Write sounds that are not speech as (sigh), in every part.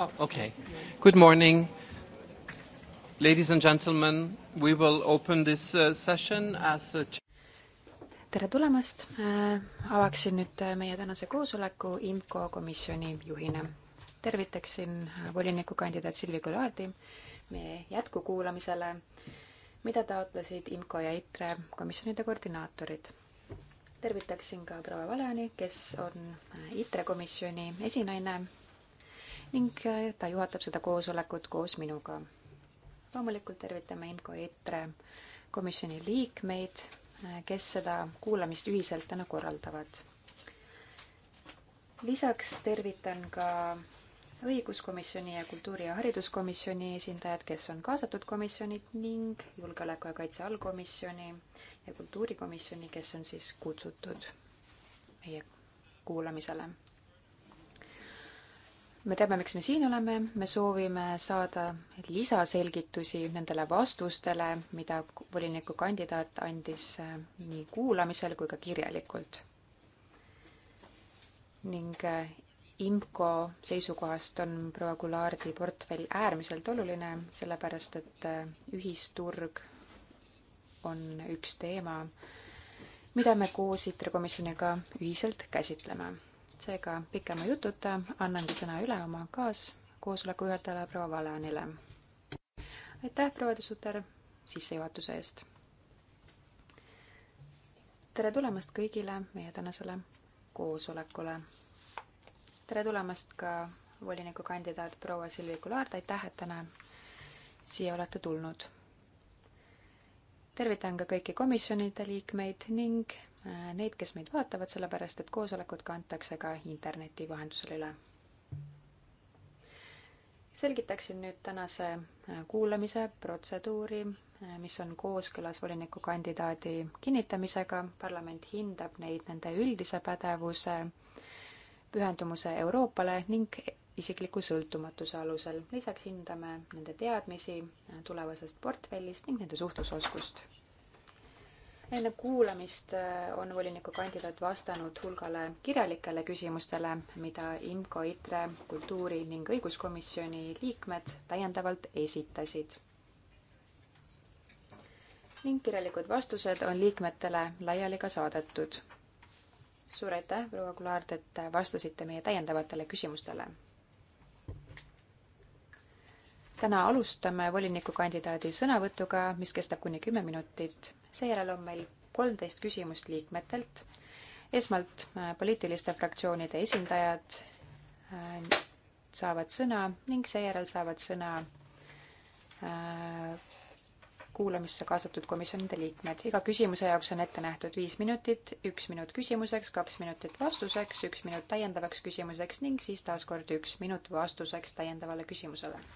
Oh, okay. Good morning, ladies and gentlemen. We will open this uh, session as a tere tulemast! Äh, avaksin nüüd äh, meie tänase koosoleku IMCO komisjoni juhina. tervitaksin äh, volinikukandidaat Silvi Kõlaardi meie jätkukuulamisele, mida taotlesid IMCO ja ITRE komisjonide koordinaatorid. tervitaksin ka proua Valani, kes on ITRE komisjoni esinaine ning äh, ta juhatab seda koosolekut koos minuga. loomulikult tervitame IMCO EITRE komisjoni liikmeid, äh, kes seda kuulamist ühiselt täna korraldavad. lisaks tervitan ka õiguskomisjoni ja kultuuri- ja hariduskomisjoni esindajad, kes on kaasatud komisjonid ning julgeoleku ja kaitse allkomisjoni ja kultuurikomisjoni, kes on siis kutsutud meie kuulamisele me teame, miks me siin oleme, me soovime saada lisaselgitusi nendele vastustele, mida volinikukandidaat andis äh, nii kuulamisel kui ka kirjalikult. ning äh, IMCO seisukohast on proua Gulaardi portfell äärmiselt oluline, sellepärast et äh, ühisturg on üks teema, mida me koos ITRE komisjoniga ühiselt käsitleme seega pikema jututa annangi sõna üle oma kaaskoosoleku juhatajale proua Valanile. aitäh, proua De Sutter, sissejuhatuse eest. tere tulemast kõigile meie tänasele koosolekule. tere tulemast ka volinikukandidaat proua Silvi Kulaart, aitäh, et täna siia olete tulnud. tervitan ka kõiki komisjonide liikmeid ning Äh, neid, kes meid vaatavad, sellepärast et koosolekud kantakse ka interneti vahendusel üle. selgitaksin nüüd tänase äh, kuulamise protseduuri, äh, mis on kooskõlas volinikukandidaadi kinnitamisega. parlament hindab neid nende üldise pädevuse, pühendumuse Euroopale ning isikliku sõltumatuse alusel. lisaks hindame nende teadmisi tulevasest portfellist ning nende suhtlusoskust enne kuulamist äh, on volinikukandidaat vastanud hulgale kirjalikele küsimustele, mida IMCO, ITRE, kultuuri ning õiguskomisjoni liikmed täiendavalt esitasid. ning kirjalikud vastused on liikmetele laiali ka saadetud. suur aitäh, proua Kulaart, et vastasite meie täiendavatele küsimustele täna alustame volinikukandidaadi sõnavõtuga, mis kestab kuni kümme minutit. seejärel on meil kolmteist küsimust liikmetelt. esmalt äh, poliitiliste fraktsioonide esindajad äh, saavad sõna ning seejärel saavad sõna äh, kuulamisse kaasatud komisjonide liikmed. iga küsimuse jaoks on ette nähtud viis minutit, üks minut küsimuseks, kaks minutit vastuseks, üks minut täiendavaks küsimuseks ning siis taas kord üks minut vastuseks täiendavale küsimusele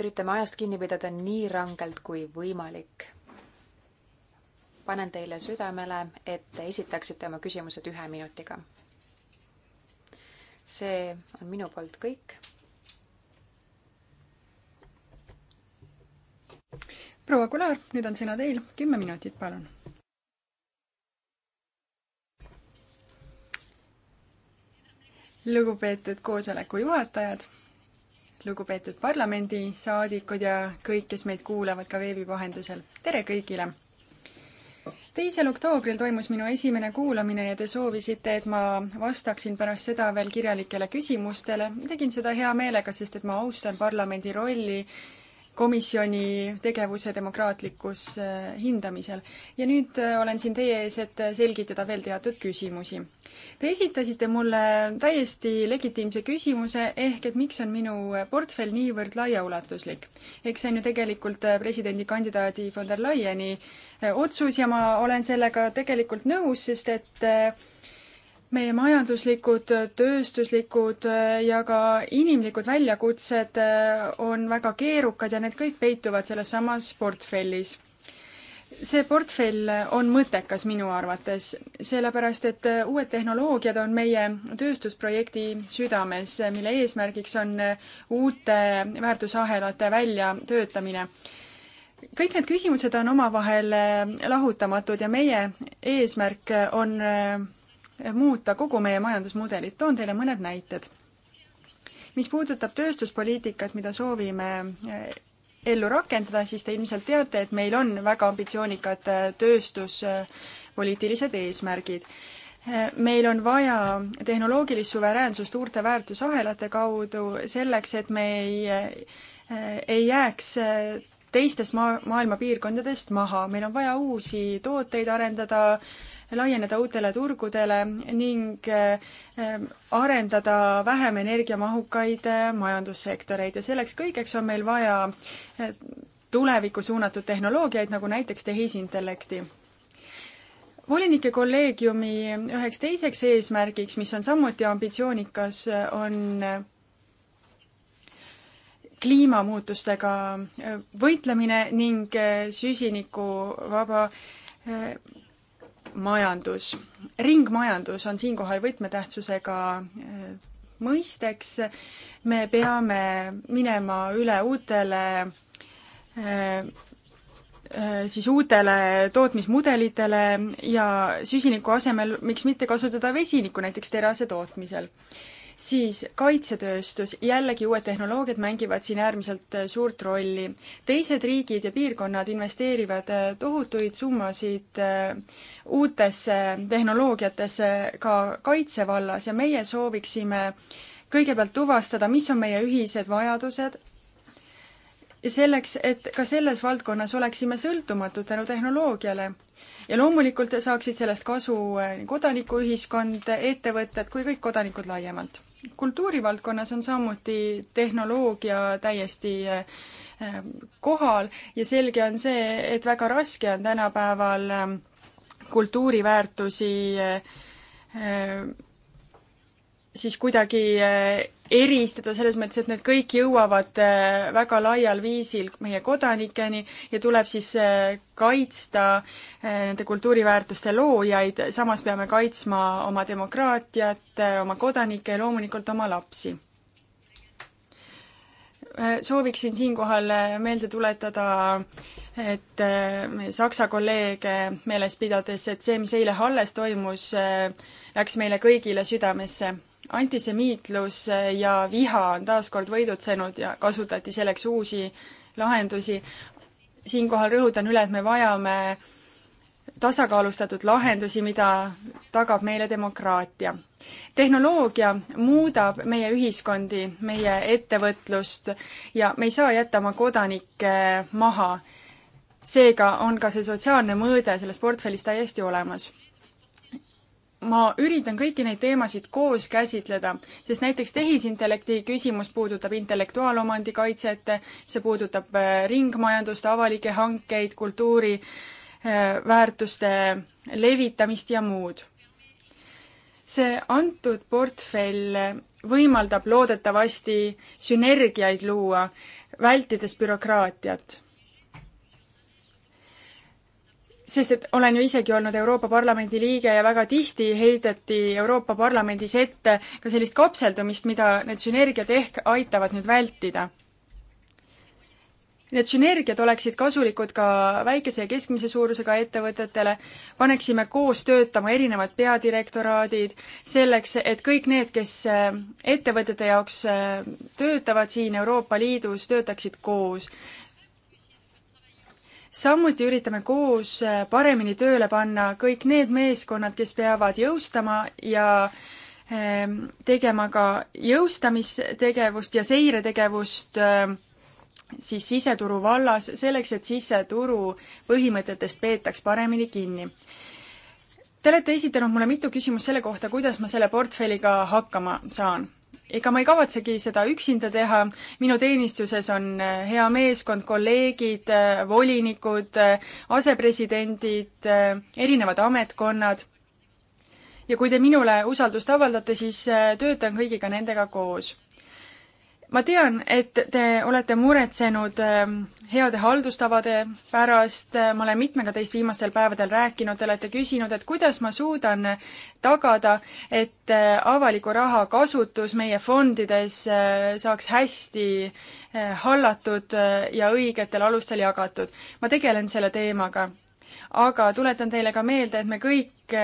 üritame ajast kinni pidada nii rangelt kui võimalik. panen teile südamele, et te esitaksite oma küsimused ühe minutiga. see on minu poolt kõik. proua Kular, nüüd on sõna teil, kümme minutit, palun lugupeetud koosoleku juhatajad lugupeetud parlamendisaadikud ja kõik, kes meid kuulavad ka veebi vahendusel. tere kõigile! teisel oktoobril toimus minu esimene kuulamine ja te soovisite, et ma vastaksin pärast seda veel kirjalikele küsimustele. tegin seda hea meelega, sest et ma austan parlamendi rolli komisjoni tegevuse demokraatlikus eh, hindamisel. ja nüüd eh, olen siin teie ees, et selgitada veel teatud küsimusi. Te esitasite mulle täiesti legitiimse küsimuse, ehk et miks on minu portfell niivõrd laiaulatuslik. eks see on ju tegelikult eh, presidendikandidaadi von der Leyeni otsus ja ma olen sellega tegelikult nõus, sest et meie majanduslikud, tööstuslikud äh, ja ka inimlikud väljakutsed äh, on väga keerukad ja need kõik peituvad selles samas portfellis. see portfell on mõttekas minu arvates, sellepärast et äh, uued tehnoloogiad on meie tööstusprojekti südames, mille eesmärgiks on uute väärtusahelate väljatöötamine kõik need küsimused on omavahel lahutamatud ja meie eesmärk on muuta kogu meie majandusmudelit. toon teile mõned näited. mis puudutab tööstuspoliitikat, mida soovime eh, ellu rakendada, siis te ilmselt teate, et meil on väga ambitsioonikad eh, tööstuspoliitilised eesmärgid. Eh, meil on vaja tehnoloogilist suveräänsust uurte väärtusahelate kaudu selleks, et me ei, ei jääks teistest maa, maailma piirkondadest maha, meil on vaja uusi tooteid arendada, laieneda uutele turgudele ning ehm, arendada vähem energiamahukaid eh, majandussektoreid ja selleks kõigeks on meil vaja eh, tulevikku suunatud tehnoloogiaid, nagu näiteks tehisintellekti volinike kolleegiumi üheks teiseks eesmärgiks, mis on samuti ambitsioonikas, on eh, kliimamuutustega võitlemine ning süsinikuvaba ringmajandus. ringmajandus on siinkohal võtmetähtsusega eh, mõisteks. me peame minema üle uutele eh, eh, siis uutele tootmismudelitele ja süsiniku asemel miks mitte kasutada vesinikku näiteks terase tootmisel siis kaitsetööstus, jällegi uued tehnoloogiad mängivad siin äärmiselt äh, suurt rolli. teised riigid ja piirkonnad investeerivad äh, tohutuid summasid äh, uutesse tehnoloogiatesse ka kaitsevallas ja meie sooviksime kõigepealt tuvastada, mis on meie ühised vajadused, ja selleks, et ka selles valdkonnas oleksime sõltumatud tänu tehnoloogiale ja loomulikult saaksid sellest kasu nii kodanikuühiskond, ettevõtted kui kõik kodanikud laiemalt kultuurivaldkonnas on samuti tehnoloogia täiesti eh, kohal ja selge on see, et väga raske on tänapäeval eh, kultuuriväärtusi eh, siis kuidagi eristada selles mõttes, et need kõik jõuavad äh, väga laial viisil meie kodanikeni ja tuleb siis äh, kaitsta äh, nende kultuuriväärtuste loojaid, samas peame kaitsma oma demokraatiat, oma kodanikke ja loomulikult oma lapsi. sooviksin siinkohal meelde tuletada et meie Saksa kolleege meeles pidades, et see, mis eile Halles toimus, läks meile kõigile südamesse antisemiitlus ja viha on taas kord võidutsenud ja kasutati selleks uusi lahendusi. siinkohal rõhutan üle, et me vajame tasakaalustatud lahendusi, mida tagab meile demokraatia. tehnoloogia muudab meie ühiskondi, meie ettevõtlust ja me ei saa jätta oma kodanikke maha. seega on ka see sotsiaalne mõõde selles portfellis täiesti olemas ma üritan kõiki neid teemasid koos käsitleda, sest näiteks tehisintellekti küsimus puudutab intellektuaalomandi kaitset, see puudutab äh, ringmajandust, avalikke hankeid, kultuuri, äh, väärtuste levitamist ja muud. see antud portfell võimaldab loodetavasti sünergiaid luua, vältides bürokraatiat sest et olen ju isegi olnud Euroopa Parlamendi liige ja väga tihti heideti Euroopa Parlamendis ette ka sellist kopseldumist, mida need sünergiad ehk aitavad nüüd vältida. Need sünergiad oleksid kasulikud ka väikese ja keskmise suurusega ettevõtetele, paneksime koos töötama erinevad peadirektoraadid, selleks et kõik need, kes äh, ettevõtete jaoks äh, töötavad siin Euroopa Liidus, töötaksid koos samuti üritame koos äh, paremini tööle panna kõik need meeskonnad, kes peavad jõustama ja ähm, tegema ka jõustamistegevust ja seiretegevust ähm, siis siseturu vallas, selleks et siseturu põhimõtetest peetaks paremini kinni. Te olete esitanud mulle mitu küsimust selle kohta, kuidas ma selle portfelliga hakkama saan ega ma ei kavatsegi seda üksinda teha, minu teenistuses on eh, hea meeskond, kolleegid, eh, volinikud, eh, asepresidendid, erinevad ametkonnad. ja kui te minule usaldust avaldate, siis töötan kõigiga nendega koos ma tean, et te olete muretsenud ähm, heade haldustavade pärast, äh, ma olen mitmega teist viimastel päevadel rääkinud, te olete küsinud, et kuidas ma suudan tagada, et äh, avaliku raha kasutus meie fondides äh, saaks hästi hallatud ja õigetel alustel jagatud. ma tegelen selle teemaga. aga tuletan teile ka meelde, et me kõik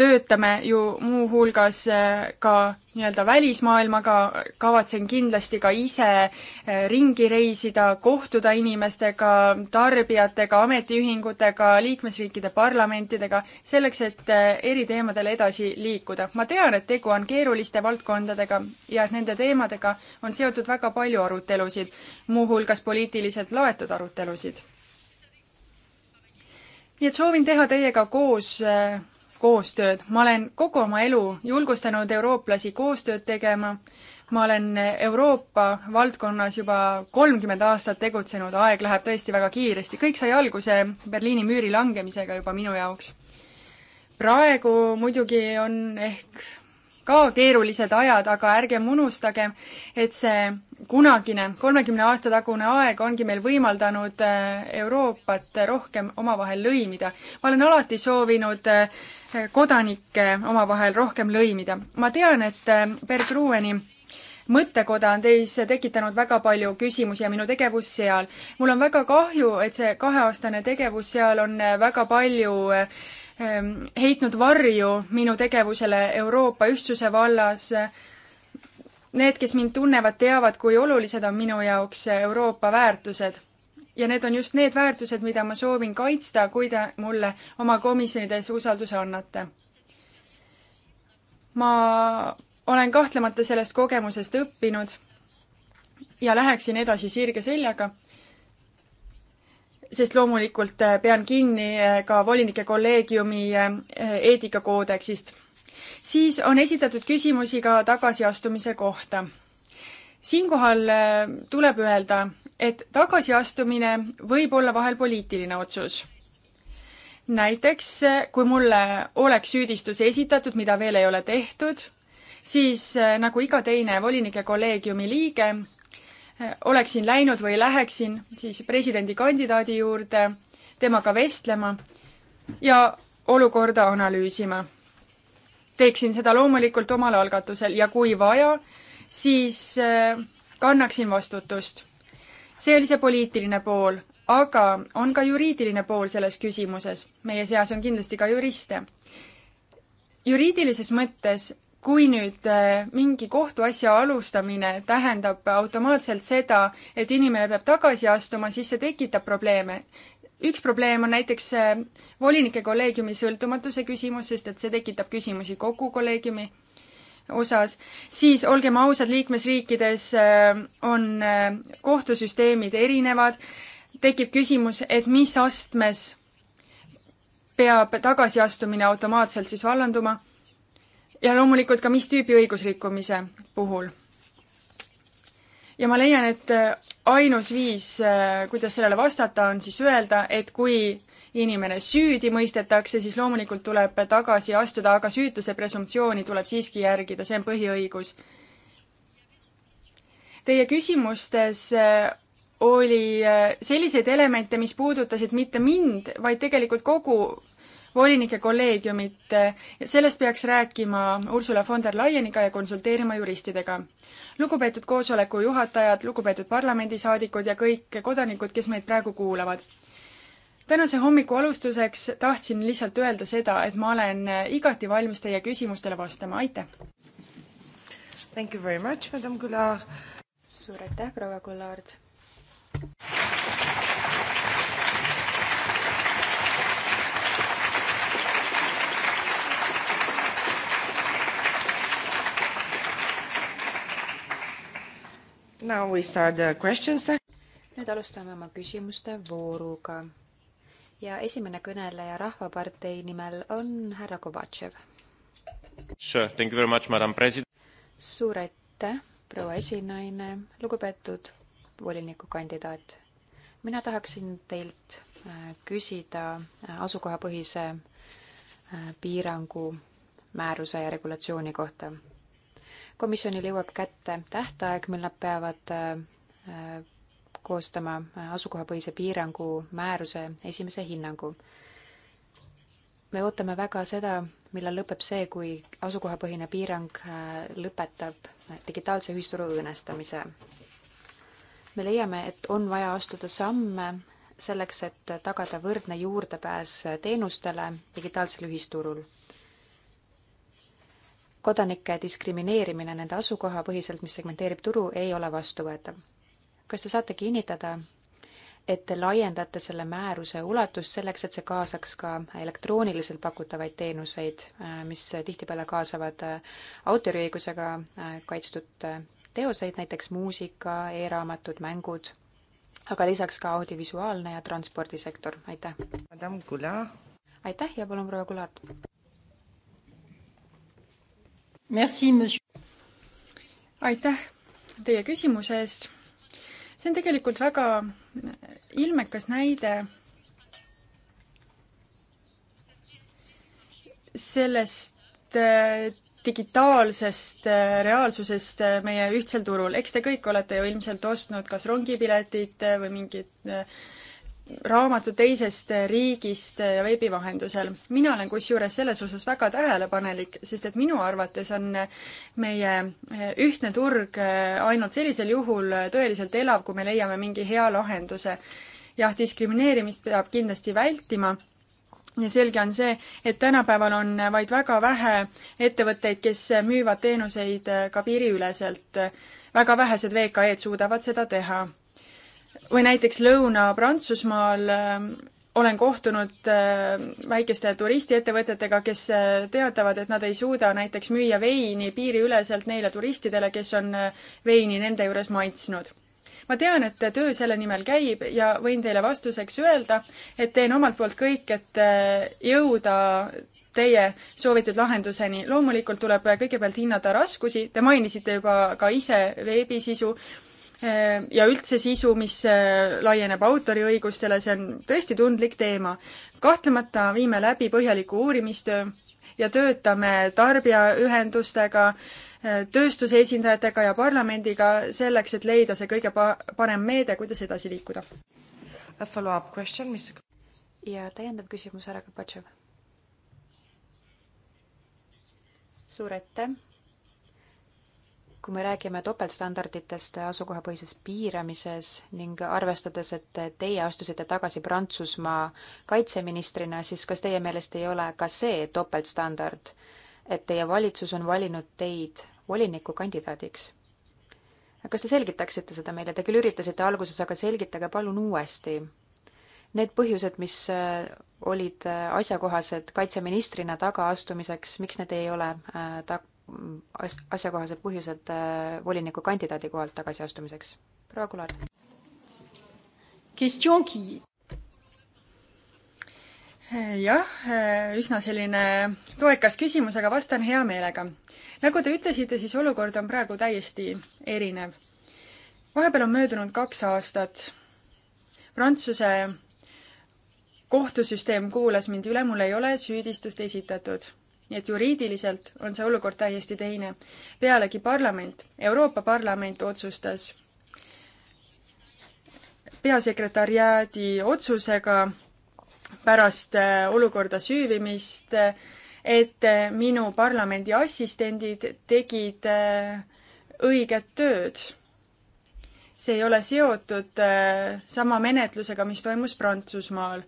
töötame ju muuhulgas äh, ka nii-öelda välismaailmaga, kavatsen kindlasti ka ise äh, ringi reisida, kohtuda inimestega, tarbijatega, ametiühingutega, liikmesriikide parlamentidega, selleks, et äh, eri teemadel edasi liikuda. ma tean, et tegu on keeruliste valdkondadega ja et nende teemadega on seotud väga palju arutelusid, muuhulgas poliitiliselt laetud arutelusid nii et soovin teha teiega koos koostööd. ma olen kogu oma elu julgustanud eurooplasi koostööd tegema, ma olen Euroopa valdkonnas juba kolmkümmend aastat tegutsenud, aeg läheb tõesti väga kiiresti, kõik sai alguse Berliini müüri langemisega juba minu jaoks. praegu muidugi on ehk ka keerulised ajad, aga ärgem unustagem, et see kunagine, kolmekümne aasta tagune aeg ongi meil võimaldanud äh, Euroopat rohkem omavahel lõimida. ma olen alati soovinud äh, kodanikke omavahel rohkem lõimida. ma tean, et Bert äh, Ruueni mõttekoda on teis tekitanud väga palju küsimusi ja minu tegevus seal. mul on väga kahju, et see kaheaastane tegevus seal on äh, väga palju äh, ähm, heitnud varju minu tegevusele Euroopa ühtsuse vallas. Need, kes mind tunnevad, teavad, kui olulised on minu jaoks Euroopa väärtused ja need on just need väärtused, mida ma soovin kaitsta, kui te mulle oma komisjonides usalduse annate. ma olen kahtlemata sellest kogemusest õppinud ja läheksin edasi sirge seljaga, sest loomulikult äh, pean kinni äh, ka volinike kolleegiumi äh, eetikakoodeksist. siis on esitatud küsimusi ka tagasiastumise kohta. siinkohal tuleb öelda, et tagasiastumine võib olla vahel poliitiline otsus. näiteks, kui mulle oleks süüdistus esitatud, mida veel ei ole tehtud, siis nagu iga teine volinike kolleegiumi liige, oleksin läinud või läheksin siis presidendikandidaadi juurde temaga vestlema ja olukorda analüüsima. teeksin seda loomulikult omal algatusel ja kui vaja, siis kannaksin vastutust see oli see poliitiline pool, aga on ka juriidiline pool selles küsimuses. meie seas on kindlasti ka juriste. juriidilises mõttes, kui nüüd äh, mingi kohtuasja alustamine tähendab automaatselt seda, et inimene peab tagasi astuma, siis see tekitab probleeme üks probleem on näiteks äh, volinike kolleegiumi sõltumatuse küsimus, sest et see tekitab küsimusi kogu kolleegiumi osas, siis olgem ausad, liikmesriikides äh, on äh, kohtusüsteemid erinevad, tekib küsimus, et mis astmes peab tagasiastumine automaatselt siis vallanduma ja loomulikult ka mis tüüpi õigusrikkumise puhul. ja ma leian, et äh, ainus viis, kuidas sellele vastata, on siis öelda, et kui inimene süüdi mõistetakse, siis loomulikult tuleb tagasi astuda, aga süütuse presumptsiooni tuleb siiski järgida, see on põhiõigus. Teie küsimustes äh, oli äh, selliseid elemente, mis puudutasid mitte mind, vaid tegelikult kogu volinike kolleegiumit. Äh, sellest peaks rääkima Ursula von der Leyeniga ja konsulteerima juristidega. lugupeetud koosoleku juhatajad, lugupeetud parlamendisaadikud ja kõik kodanikud, kes meid praegu kuulavad tänase hommiku alustuseks tahtsin lihtsalt öelda seda, et ma olen igati valmis teie küsimustele vastama, aitäh! Thank you very much, madam Goulart! suur aitäh, proua Goulart! Now we start the questions. nüüd alustame oma küsimuste vooruga ja esimene kõneleja Rahvapartei nimel on härra Kovatšev sure,. suur aitäh, proua esinaine, lugupeetud volinikukandidaat. mina tahaksin teilt äh, küsida äh, asukohapõhise äh, piirangu määruse ja regulatsiooni kohta. komisjonil jõuab kätte tähtaeg, mil nad peavad koostama asukohapõhise piirangu määruse esimese hinnangu. me ootame väga seda, millal lõpeb see, kui asukohapõhine piirang äh, lõpetab digitaalse ühisturu õõnestamise. me leiame, et on vaja astuda samme selleks, et tagada võrdne juurdepääs teenustele digitaalsel ühisturul kodanike diskrimineerimine nende asukoha põhiselt, mis segmenteerib turu, ei ole vastuvõetav kas te saate kinnitada, et te laiendate selle määruse ulatust selleks, et see kaasaks ka elektrooniliselt pakutavaid teenuseid, äh, mis tihtipeale kaasavad äh, autoriõigusega äh, kaitstud teoseid, näiteks muusika e, e-raamatud, mängud, aga lisaks ka audiovisuaalne ja transpordisektor, aitäh! aitäh ja palun, proua Kulard! aitäh teie küsimuse eest see on tegelikult väga ilmekas näide sellest äh, digitaalsest äh, reaalsusest äh, meie ühtsel turul. eks te kõik olete ju ilmselt ostnud kas rongipiletit või mingit raamatu teisest riigist eh, veebi vahendusel. mina olen kusjuures selles osas väga tähelepanelik, sest et minu arvates on eh, meie eh, ühtne turg ainult sellisel juhul tõeliselt elav, kui me leiame mingi hea lahenduse. jah, diskrimineerimist peab kindlasti vältima ja selge on see, et tänapäeval on vaid väga vähe ettevõtteid, kes müüvad teenuseid ka piiriüleselt. väga vähesed VKE-d suudavad seda teha või näiteks Lõuna-Prantsusmaal ähm, olen kohtunud äh, väikeste turistiettevõtetega, kes äh, teatavad, et nad ei suuda näiteks müüa veini piiriüleselt neile turistidele, kes on äh, veini nende juures maitsnud. ma tean, et töö selle nimel käib ja võin teile vastuseks öelda, et teen omalt poolt kõik, et jõuda teie soovitud lahenduseni. loomulikult tuleb kõigepealt hinnata raskusi, te mainisite juba ka ise veebisisu Äh, ja üldse sisu, mis äh, laieneb autoriõigustele, see on tõesti tundlik teema. kahtlemata viime läbi põhjaliku uurimistöö ja töötame tarbijaühendustega, äh, tööstuse esindajatega ja parlamendiga selleks, et leida see kõige pa-, parem meede, kuidas edasi liikuda. Mis... ja täiendav küsimus, härra Kapatšev. suur aitäh kui me räägime topeltstandarditest asukohapõhises piiramises ning arvestades, et teie astusite tagasi Prantsusmaa kaitseministrina, siis kas teie meelest ei ole ka see topeltstandard, et teie valitsus on valinud teid volinikukandidaadiks? kas te selgitaksite seda meile, te küll üritasite alguses, aga selgitage palun uuesti. Need põhjused, mis äh, olid äh, asjakohased kaitseministrina tagaastumiseks, miks need ei ole äh, ta-, as-, asjakohased põhjused äh, volinikukandidaadi kohalt tagasiastumiseks. proua Kular. jah, äh, üsna selline toekas küsimus, aga vastan hea meelega. nagu te ütlesite, siis olukord on praegu täiesti erinev. vahepeal on möödunud kaks aastat. Prantsuse kohtusüsteem kuulas mind üle, mul ei ole süüdistust esitatud nii et juriidiliselt on see olukord täiesti teine. pealegi parlament, Euroopa Parlament otsustas peasekretäriaadi otsusega pärast äh, olukorda süüvimist, et äh, minu parlamendi assistendid tegid äh, õiget tööd. see ei ole seotud sama menetlusega, mis toimus Prantsusmaal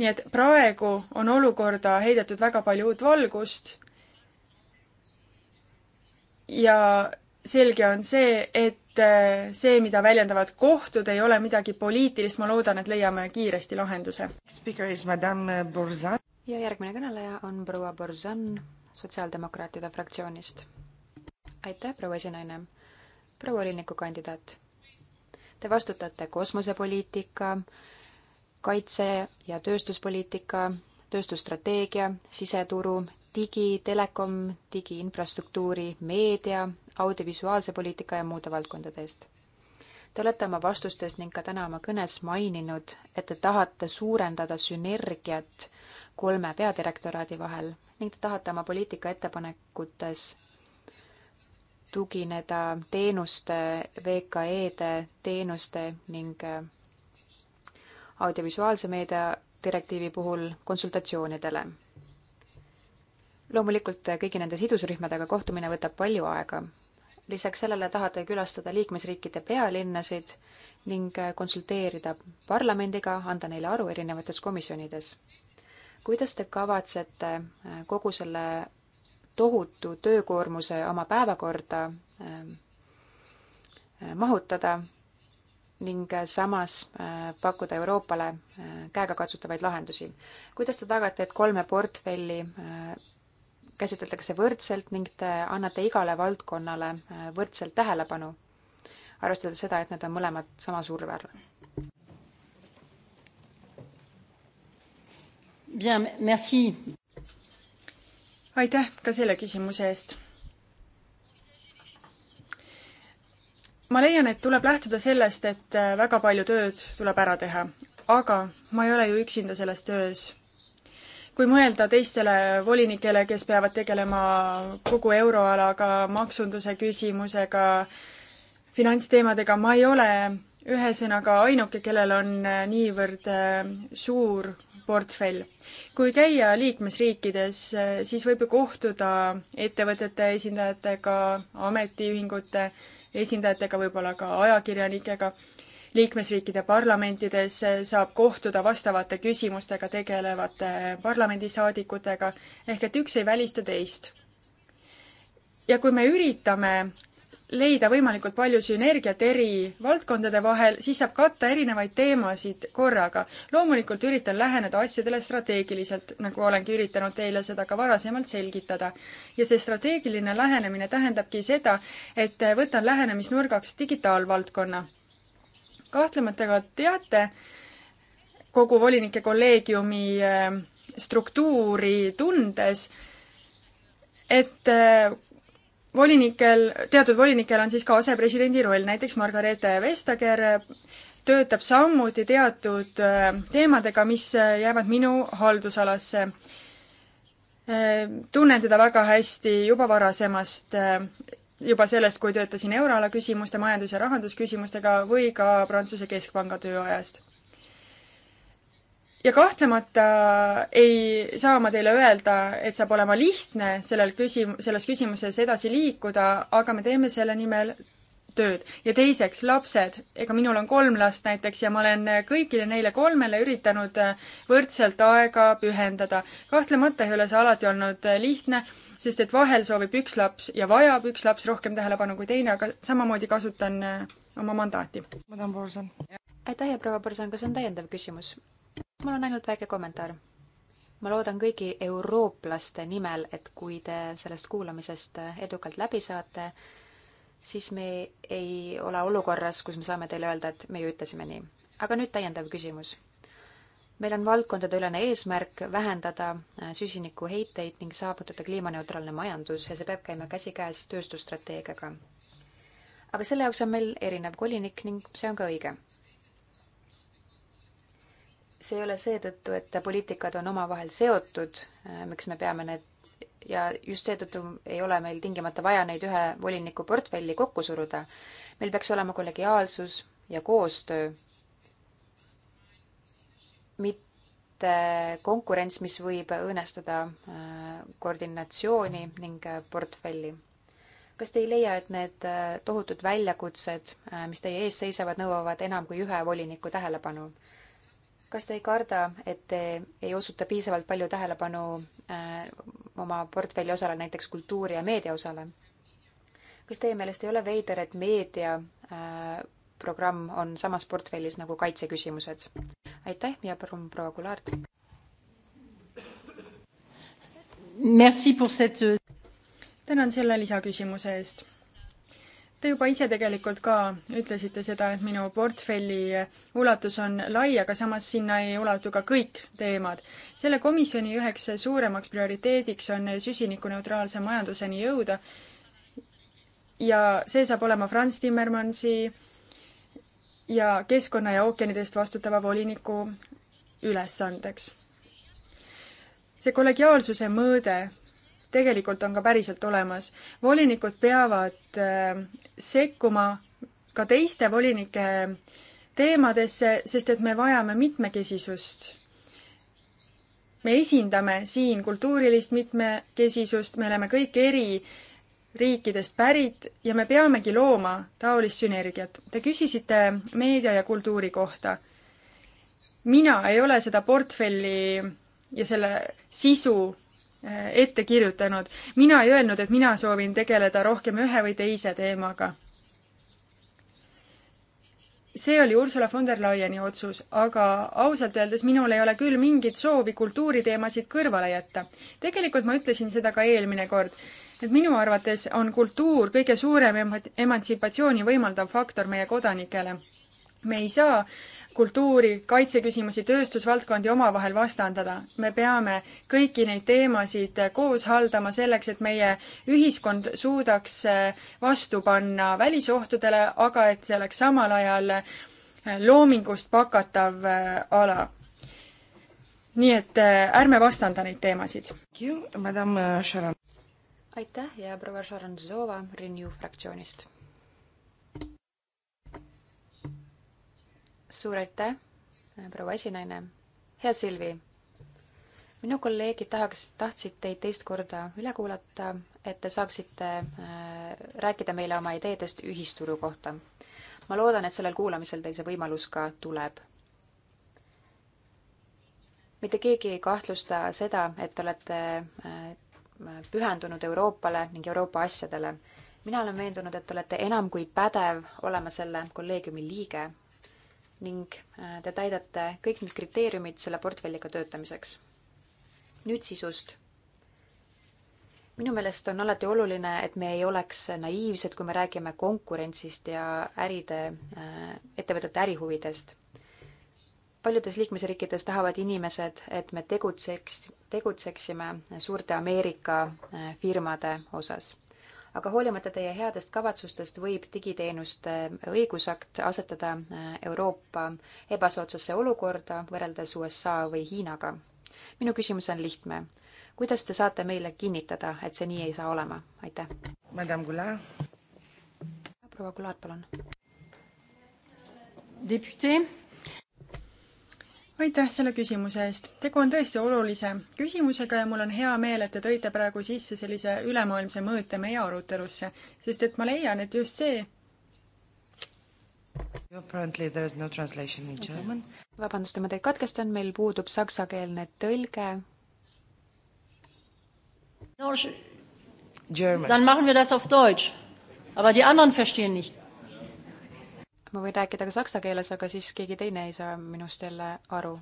nii et praegu on olukorda heidetud väga palju uut valgust ja selge on see, et eh, see, mida väljendavad kohtud, ei ole midagi poliitilist, ma loodan, et leiame kiiresti lahenduse. ja järgmine kõneleja on proua Borzan Sotsiaaldemokraatide fraktsioonist. aitäh, proua esinaine. proua volinikukandidaat, te vastutate kosmosepoliitika, kaitse- ja tööstuspoliitika, tööstusstrateegia, siseturu, digi, telekom, digiinfrastruktuuri, meedia, audiovisuaalse poliitika ja muude valdkondade eest. Te olete oma vastustes ning ka täna oma kõnes maininud, et te tahate suurendada sünergiat kolme peadirektoraadi vahel ning te tahate oma poliitika ettepanekutes tugineda teenuste, VKE-de teenuste ning audiovisuaalse meedia direktiivi puhul konsultatsioonidele. loomulikult kõigi nende sidusrühmadega kohtumine võtab palju aega. lisaks sellele tahate külastada liikmesriikide pealinnasid ning konsulteerida parlamendiga, anda neile aru erinevates komisjonides. kuidas te kavatsete kogu selle tohutu töökoormuse oma päevakorda ähm, mahutada ning samas äh, pakkuda Euroopale äh, käegakatsutavaid lahendusi. kuidas te tagate, et kolme portfelli äh, käsitletakse võrdselt ning te annate igale valdkonnale võrdselt tähelepanu, arvestades seda, et need on mõlemad sama surve all? aitäh ka selle küsimuse eest ma leian, et tuleb lähtuda sellest, et äh, väga palju tööd tuleb ära teha, aga ma ei ole ju üksinda selles töös. kui mõelda teistele volinikele, kes peavad tegelema kogu euroalaga, maksunduse küsimusega, finantsteemadega, ma ei ole ühesõnaga ainuke, kellel on äh, niivõrd äh, suur portfell. kui käia liikmesriikides, siis võib ju kohtuda ettevõtete esindajatega, ametiühingute esindajatega, võib-olla ka ajakirjanikega, liikmesriikide parlamentides saab kohtuda vastavate küsimustega tegelevate parlamendisaadikutega, ehk et üks ei välista teist. ja kui me üritame leida võimalikult palju sünergiat eri valdkondade vahel, siis saab katta erinevaid teemasid korraga. loomulikult üritan läheneda asjadele strateegiliselt, nagu olengi üritanud teile seda ka varasemalt selgitada. ja see strateegiline lähenemine tähendabki seda, et võtan lähenemisnurgaks digitaalvaldkonna. kahtlemata ka teate kogu volinike kolleegiumi eh, struktuuri tundes, et eh, volinikel, teatud volinikel on siis ka asepresidendi roll, näiteks Margareete Vestager töötab samuti teatud äh, teemadega, mis äh, jäävad minu haldusalasse. Äh, tunnen teda väga hästi juba varasemast, juba sellest, kui töötasin euroala küsimuste, majandus- ja rahandusküsimustega või ka Prantsuse Keskpanga tööajast ja kahtlemata ei saa ma teile öelda, et saab olema lihtne sellel küsim-, selles küsimuses edasi liikuda, aga me teeme selle nimel tööd. ja teiseks, lapsed. ega minul on kolm last näiteks ja ma olen kõigile neile kolmele üritanud võrdselt aega pühendada. kahtlemata ei ole see alati olnud lihtne, sest et vahel soovib üks laps ja vajab üks laps rohkem tähelepanu kui teine, aga samamoodi kasutan oma mandaati. aitäh ja proua Borsan, kas on täiendav küsimus? mul on ainult väike kommentaar. ma loodan kõigi eurooplaste nimel, et kui te sellest kuulamisest edukalt läbi saate, siis me ei ole olukorras, kus me saame teile öelda, et me ju ütlesime nii. aga nüüd täiendav küsimus. meil on valdkondadeülene eesmärk vähendada äh, süsinikuheiteid ning saavutada kliimaneutraalne majandus ja see peab käima käsikäes tööstusstrateegiaga. aga selle jaoks on meil erinev volinik ning see on ka õige see ei ole seetõttu, et poliitikad on omavahel seotud, äh, miks me peame need ja just seetõttu ei ole meil tingimata vaja neid ühe voliniku portfelli kokku suruda. meil peaks olema kollegiaalsus ja koostöö, mitte konkurents, mis võib õõnestada äh, koordinatsiooni ning äh, portfelli. kas te ei leia, et need tohutud väljakutsed, mis teie ees seisavad, nõuavad enam kui ühe voliniku tähelepanu? kas te ei karda, et te ei osuta piisavalt palju tähelepanu äh, oma portfelli osale, näiteks kultuuri ja meedia osale? kas teie meelest ei ole veider, et meediaprogramm äh, on samas portfellis nagu kaitseküsimused? aitäh ja proua Kulaart! tänan selle lisaküsimuse eest Te juba ise tegelikult ka ütlesite seda, et minu portfelli ulatus on lai, aga samas sinna ei ulatu ka kõik teemad. selle komisjoni üheks suuremaks prioriteediks on süsinikuneutraalse majanduseni jõuda ja see saab olema Franz Timmermansi ja keskkonna ja ookeanidest vastutava voliniku ülesandeks. see kollegiaalsuse mõõde tegelikult on ka päriselt olemas. volinikud peavad äh, sekkuma ka teiste volinike teemadesse, sest et me vajame mitmekesisust. me esindame siin kultuurilist mitmekesisust, me oleme kõik eri riikidest pärit ja me peamegi looma taolist sünergiat. Te küsisite meedia ja kultuuri kohta. mina ei ole seda portfelli ja selle sisu Äh, ette kirjutanud. mina ei öelnud, et mina soovin tegeleda rohkem ühe või teise teemaga. see oli Ursula von der Leyeni otsus, aga ausalt öeldes minul ei ole küll mingit soovi kultuuriteemasid kõrvale jätta. tegelikult ma ütlesin seda ka eelmine kord, et minu arvates on kultuur kõige suurem emantsipatsiooni võimaldav faktor meie kodanikele. me ei saa kultuuri, kaitseküsimusi, tööstusvaldkondi omavahel vastandada. me peame kõiki neid teemasid äh, koos haldama selleks, et meie ühiskond suudaks äh, vastu panna välisohtudele, aga et see oleks samal ajal äh, loomingust pakatav ala nii et ärme vastanda neid teemasid. aitäh ja proua Šaranzova Renew fraktsioonist suur aitäh, proua esinaine. hea Silvi, minu kolleegid tahaks, tahtsid teid teist korda üle kuulata, et te saaksite äh, rääkida meile oma ideedest ühisturu kohta. ma loodan, et sellel kuulamisel teil see võimalus ka tuleb mitte keegi ei kahtlusta seda, et te olete äh, pühendunud Euroopale ning Euroopa asjadele. mina olen veendunud, et te olete enam kui pädev olema selle kolleegiumi liige ning äh, te täidate kõik need kriteeriumid selle portfelliga töötamiseks. nüüd sisust. minu meelest on alati oluline, et me ei oleks naiivsed, kui me räägime konkurentsist ja äride, äh, ettevõtete ärihuvidest. paljudes liikmesriikides tahavad inimesed, et me tegutseks, tegutseksime suurte Ameerika äh, firmade osas aga hoolimata teie headest kavatsustest võib digiteenuste õigusakt asetada äh, Euroopa ebasoodsasse olukorda võrreldes USA või Hiinaga. minu küsimus on lihtne. kuidas te saate meile kinnitada, et see nii ei saa olema? aitäh. Madame Goulart. proua Goulart, palun. Député aitäh selle küsimuse eest. tegu on tõesti olulise küsimusega ja mul on hea meel, et te tõite praegu sisse sellise ülemaailmse mõõte meie arutelusse, sest et ma leian, et just see no okay. vabandust, ma teid katkestan, meil puudub saksakeelne tõlge. Dann machen wir das auf Deutsch. Aber die anderen verstehen nicht ma võin rääkida ka saksa keeles, aga siis keegi teine ei saa minust jälle aru.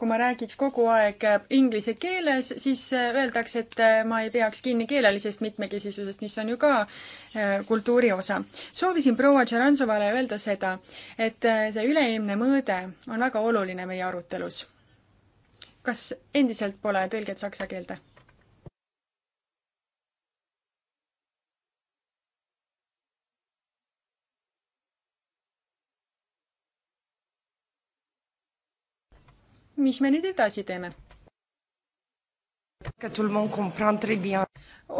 kui ma räägiks kogu aeg inglise keeles, siis öeldakse, et ma ei peaks kinni keelelisest mitmekesisusest, mis on ju ka äh, kultuuri osa. soovisin proua Tšeransovale öelda seda, et äh, see üleilmne mõõde on väga oluline meie arutelus. kas endiselt pole tõlget saksa keelde? mis me nüüd edasi teeme?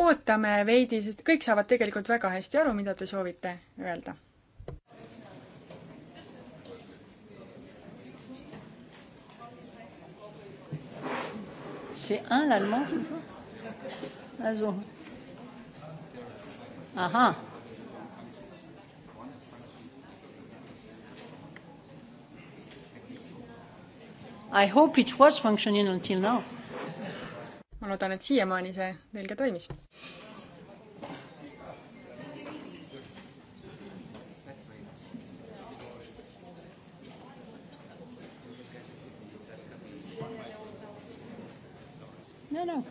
ootame veidi, sest kõik saavad tegelikult väga hästi aru, mida te soovite öelda C'est un l'allemand, c'est ça Azo. Ah ah. I hope it was functioning until now. ma loodan, et siiamaani see veel ka toimis. no, no.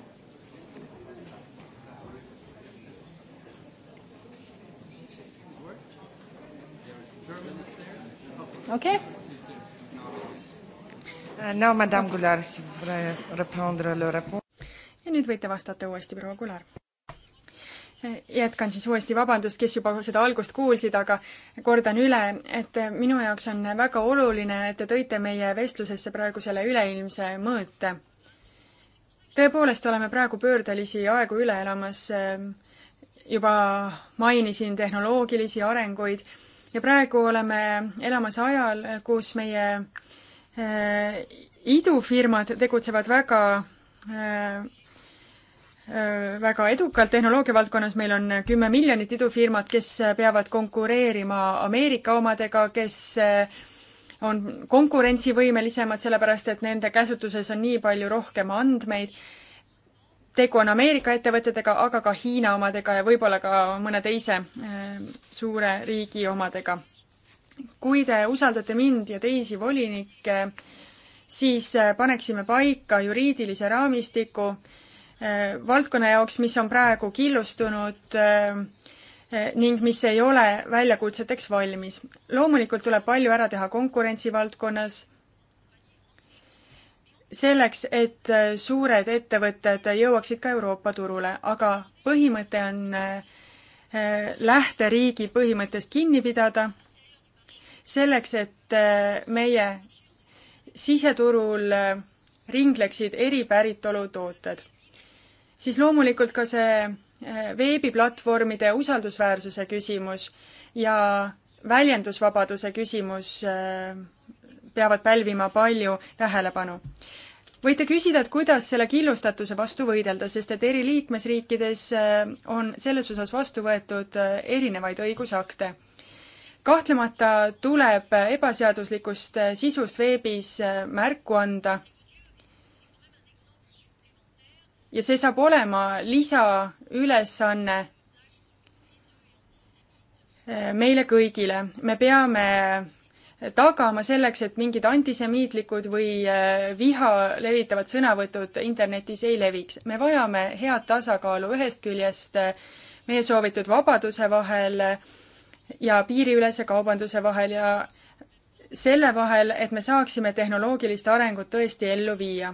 Okay no madame Goulard, si vous voulez répondre le rapport. ja nüüd võite vastata uuesti, proua Goulard. jätkan siis uuesti, vabandust, kes juba seda algust kuulsid, aga kordan üle, et minu jaoks on väga oluline, et te tõite meie vestlusesse praegu selle üleilmse mõõte. tõepoolest oleme praegu pöördelisi aegu üle elamas. juba mainisin tehnoloogilisi arenguid ja praegu oleme elamas ajal, kus meie Äh, idufirmad tegutsevad väga äh, äh, väga edukalt tehnoloogia valdkonnas, meil on kümme miljonit idufirmat, kes peavad konkureerima Ameerika omadega, kes on konkurentsivõimelisemad, sellepärast et nende käsutuses on nii palju rohkem andmeid. tegu on Ameerika ettevõtetega, aga ka Hiina omadega ja võib-olla ka mõne teise suure riigi omadega kui te usaldate mind ja teisi volinikke, siis äh, paneksime paika juriidilise raamistiku äh, valdkonna jaoks, mis on praegu killustunud äh, ning mis ei ole väljakutseteks valmis. loomulikult tuleb palju ära teha konkurentsi valdkonnas, selleks, et suured ettevõtted jõuaksid ka Euroopa turule, aga põhimõte on lähteriigi põhimõttest kinni pidada selleks, et äh, meie siseturul äh, ringleksid eripäritolu tooted. siis loomulikult ka see äh, veebiplatvormide usaldusväärsuse küsimus ja väljendusvabaduse küsimus peavad pälvima palju tähelepanu. võite küsida, et kuidas selle killustatuse vastu võidelda, sest et eri liikmesriikides on selles osas vastu võetud erinevaid õigusakte kahtlemata tuleb ebaseaduslikust eh, sisust veebis eh, märku anda. ja see saab olema lisaülesanne eh, meile kõigile. me peame tagama selleks, et mingid antisemiitlikud või viha levitavad sõnavõtud internetis ei leviks. me vajame head tasakaalu ühest küljest meie soovitud vabaduse vahel ja piiriülese kaubanduse vahel ja selle vahel, et me saaksime tehnoloogilist arengut tõesti ellu viia.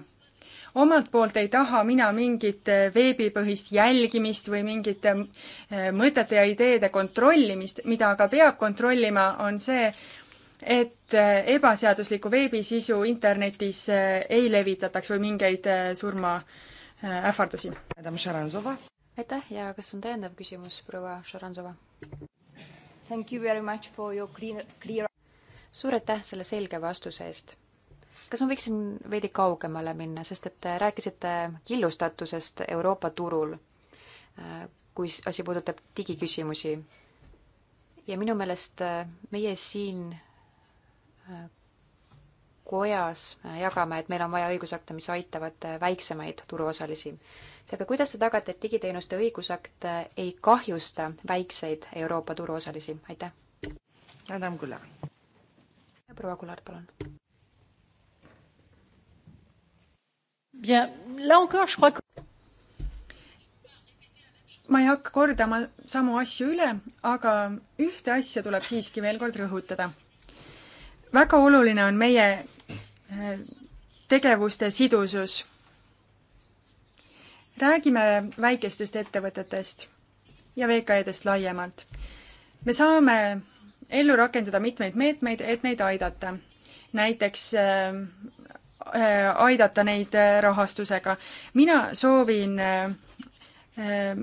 omalt poolt ei taha mina mingit veebipõhist jälgimist või mingite eh, mõtete ja ideede kontrollimist, mida aga peab kontrollima, on see, et eh, ebaseaduslikku veebisisu internetis eh, ei levitataks või mingeid surmaähvardusi. aitäh ja kas on täiendav küsimus, proua Šaransova? Thank you very much for your clear, clear... suur aitäh selle selge vastuse eest. kas ma võiksin veidi kaugemale minna, sest et rääkisite killustatusest Euroopa turul, kui asi puudutab digiküsimusi. ja minu meelest äh, meie siin äh, kojas äh, jagame, et meil on vaja õigusakte, mis aitavad väiksemaid turuosalisi seega kuidas te tagate, et digiteenuste õigusakt äh, ei kahjusta väikseid Euroopa turuosalisi, aitäh! Madame Goulart. proua Goulart, palun. ma ei hakka kordama samu asju üle, aga ühte asja tuleb siiski veel kord rõhutada. väga oluline on meie äh, tegevuste sidusus räägime väikestest ettevõtetest ja VKE-dest laiemalt. me saame ellu rakendada mitmeid meetmeid, et neid aidata. näiteks äh, äh aidata neid äh, rahastusega. mina soovin äh, äh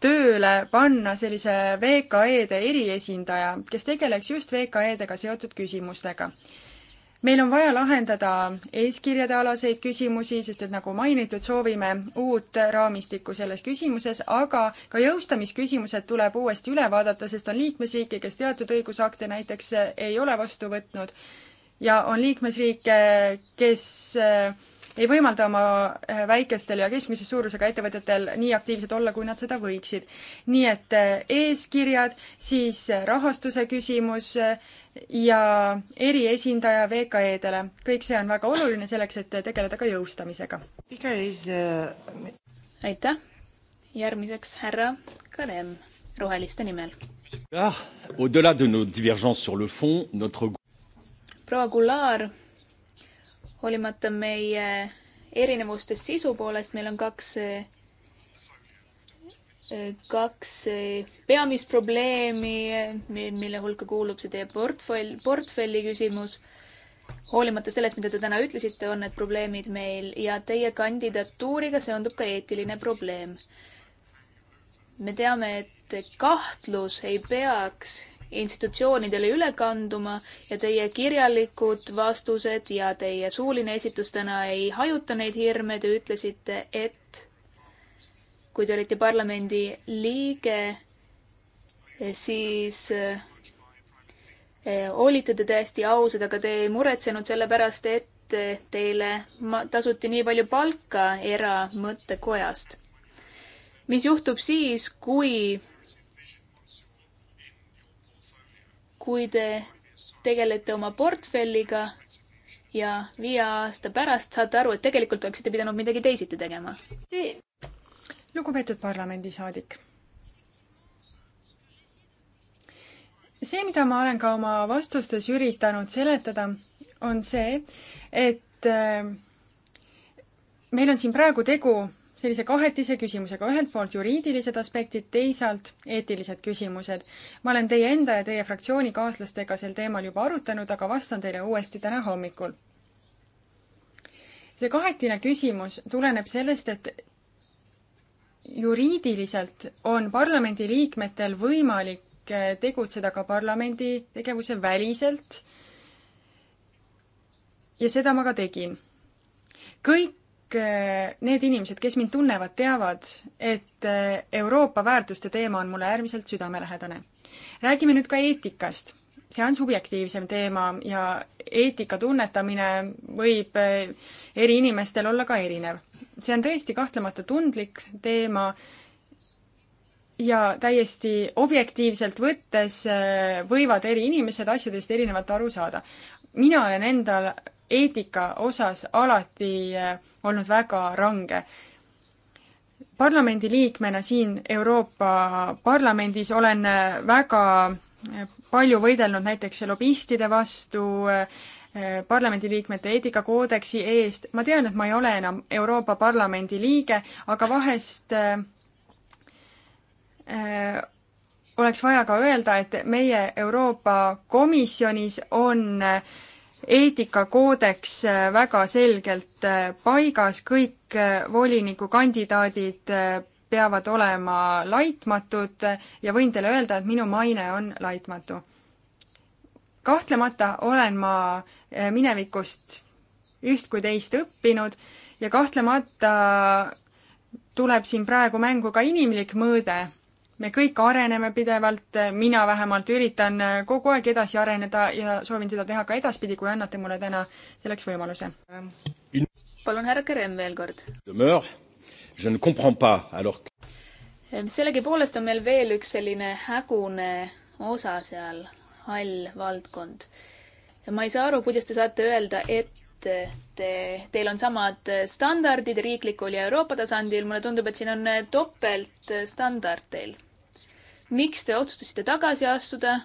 tööle panna sellise VKE-de eriesindaja, kes tegeleks just VKE-dega seotud küsimustega meil on vaja lahendada eeskirjade alaseid küsimusi, sest et nagu mainitud, soovime uut raamistikku selles küsimuses, aga ka jõustamisküsimused tuleb uuesti üle vaadata, sest on liikmesriike, kes teatud õigusakte näiteks ei ole vastu võtnud ja on liikmesriike, kes äh, ei võimalda oma eh, väikestel ja keskmise suurusega ettevõtetel nii aktiivsed olla, kui nad seda võiksid. nii et eh, eeskirjad, siis eh, rahastuse küsimus ja eriesindaja VKE-dele, kõik see on väga oluline selleks, et tegeleda ka jõustamisega. aitäh, järgmiseks härra Karem roheliste nimel. Ah, au-delà de nos divergences sur le fond, notre proua Goulart, hoolimata meie erinevustest sisu poolest, meil on kaks, eh, kaks eh, peamist probleemi, mille hulka kuulub see teie portfell, portfelli küsimus. hoolimata sellest, mida te täna ütlesite, on need probleemid meil ja teie kandidatuuriga seondub ka eetiline probleem. me teame, et kahtlus ei peaks institutsioonidele üle kanduma ja teie kirjalikud vastused ja teie suuline esitus täna ei hajuta neid hirme. Te ütlesite, et kui te olite parlamendi liige, siis eh, olite te täiesti ausad, aga te ei muretsenud selle pärast, et teile tasuti nii palju palka eramõttekojast. mis juhtub siis, kui kui te tegelete oma portfelliga ja viie aasta pärast saate aru, et tegelikult oleksite pidanud midagi teisiti tegema. lugupeetud parlamendisaadik. see, mida ma olen ka oma vastustes üritanud seletada, on see, et äh, meil on siin praegu tegu sellise kahetise küsimusega, ühelt poolt juriidilised aspektid, teisalt eetilised küsimused. ma olen teie enda ja teie fraktsioonikaaslastega sel teemal juba arutanud, aga vastan teile uuesti täna hommikul. see kahetine küsimus tuleneb sellest, et juriidiliselt on parlamendiliikmetel võimalik tegutseda ka parlamendi tegevuse väliselt ja seda ma ka tegin. kõik Eh, need inimesed, kes mind tunnevad, teavad, et eh, Euroopa väärtuste teema on mulle äärmiselt südamelähedane. räägime nüüd ka eetikast. see on subjektiivsem teema ja eetika tunnetamine võib eh, eri inimestel olla ka erinev. see on tõesti kahtlemata tundlik teema ja täiesti objektiivselt võttes võivad eri inimesed asjadest erinevalt aru saada. mina olen endal eetika osas alati eh, olnud väga range. parlamendiliikmena siin Euroopa Parlamendis olen eh, väga eh, palju võidelnud näiteks lobistide vastu, parlamendiliikmete eetikakoodeksi eest, ma tean, et ma ei ole enam Euroopa Parlamendi liige, aga vahest äh, oleks vaja ka öelda, et meie Euroopa Komisjonis on äh, eetikakoodeks äh, väga selgelt äh, paigas, kõik äh, volinikukandidaadid peavad olema laitmatud ja võin teile öelda, et minu maine on laitmatu. kahtlemata olen ma minevikust üht kui teist õppinud ja kahtlemata tuleb siin praegu mängu ka inimlik mõõde me kõik areneme pidevalt, mina vähemalt üritan kogu aeg edasi areneda ja soovin seda teha ka edaspidi, kui annate mulle täna selleks võimaluse. palun, härra Kerem veel kord. sellegipoolest on meil veel üks selline hägune osa seal, hall valdkond. ma ei saa aru, kuidas te saate öelda, et te, teil on samad standardid riiklikul ja Euroopa tasandil. mulle tundub, et siin on topeltstandard teil miks te otsustasite tagasi astuda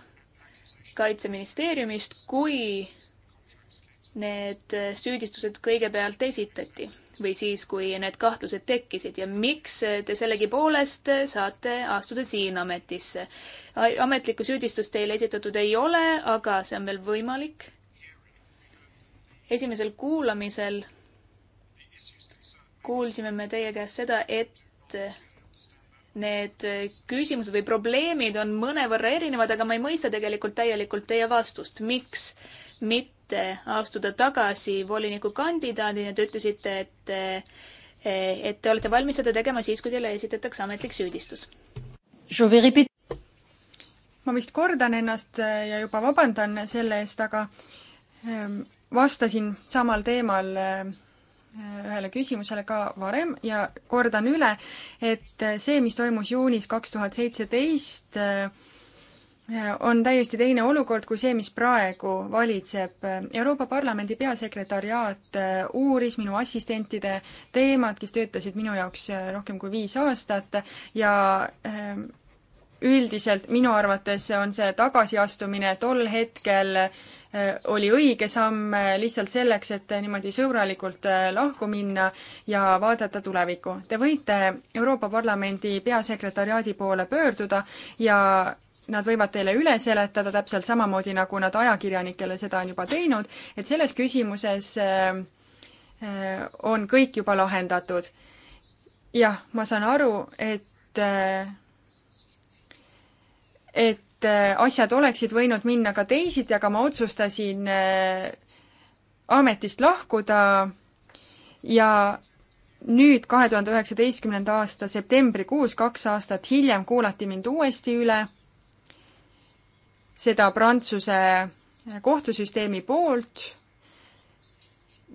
kaitseministeeriumist, kui need süüdistused kõigepealt esitati või siis, kui need kahtlused tekkisid ja miks te sellegipoolest saate astuda siin ametisse? ametlikku süüdistust teile esitatud ei ole, aga see on veel võimalik. esimesel kuulamisel kuulsime me teie käest seda, et need eh, küsimused või probleemid on mõnevõrra erinevad, aga ma ei mõista tegelikult täielikult teie vastust, miks mitte astuda tagasi volinikukandidaadina, te ütlesite, et eh, et te olete valmis seda tegema siis, kui teile esitatakse ametlik süüdistus. ma vist kordan ennast eh, ja juba vabandan selle eest, aga ehm, vastasin samal teemal ühele küsimusele ka varem ja kordan üle, et see, mis toimus juunis kaks tuhat seitseteist, on täiesti teine olukord kui see, mis praegu valitseb. Euroopa Parlamendi peasekretäriaat uuris minu assistentide teemat, kes töötasid minu jaoks rohkem kui viis aastat ja ehm, üldiselt minu arvates on see tagasiastumine tol hetkel äh, oli õige samm äh, lihtsalt selleks, et äh, niimoodi sõbralikult lahku minna ja vaadata tulevikku. Te võite Euroopa Parlamendi peasekretäriaadi poole pöörduda ja nad võivad teile üle seletada täpselt samamoodi, nagu nad ajakirjanikele seda on juba teinud, et selles küsimuses on kõik juba lahendatud. jah, ma saan aru, et et äh, asjad oleksid võinud minna ka teisiti, aga ma otsustasin äh, ametist lahkuda ja nüüd, kahe tuhande üheksateistkümnenda aasta septembrikuus, kaks aastat hiljem, kuulati mind uuesti üle, seda Prantsuse kohtusüsteemi poolt,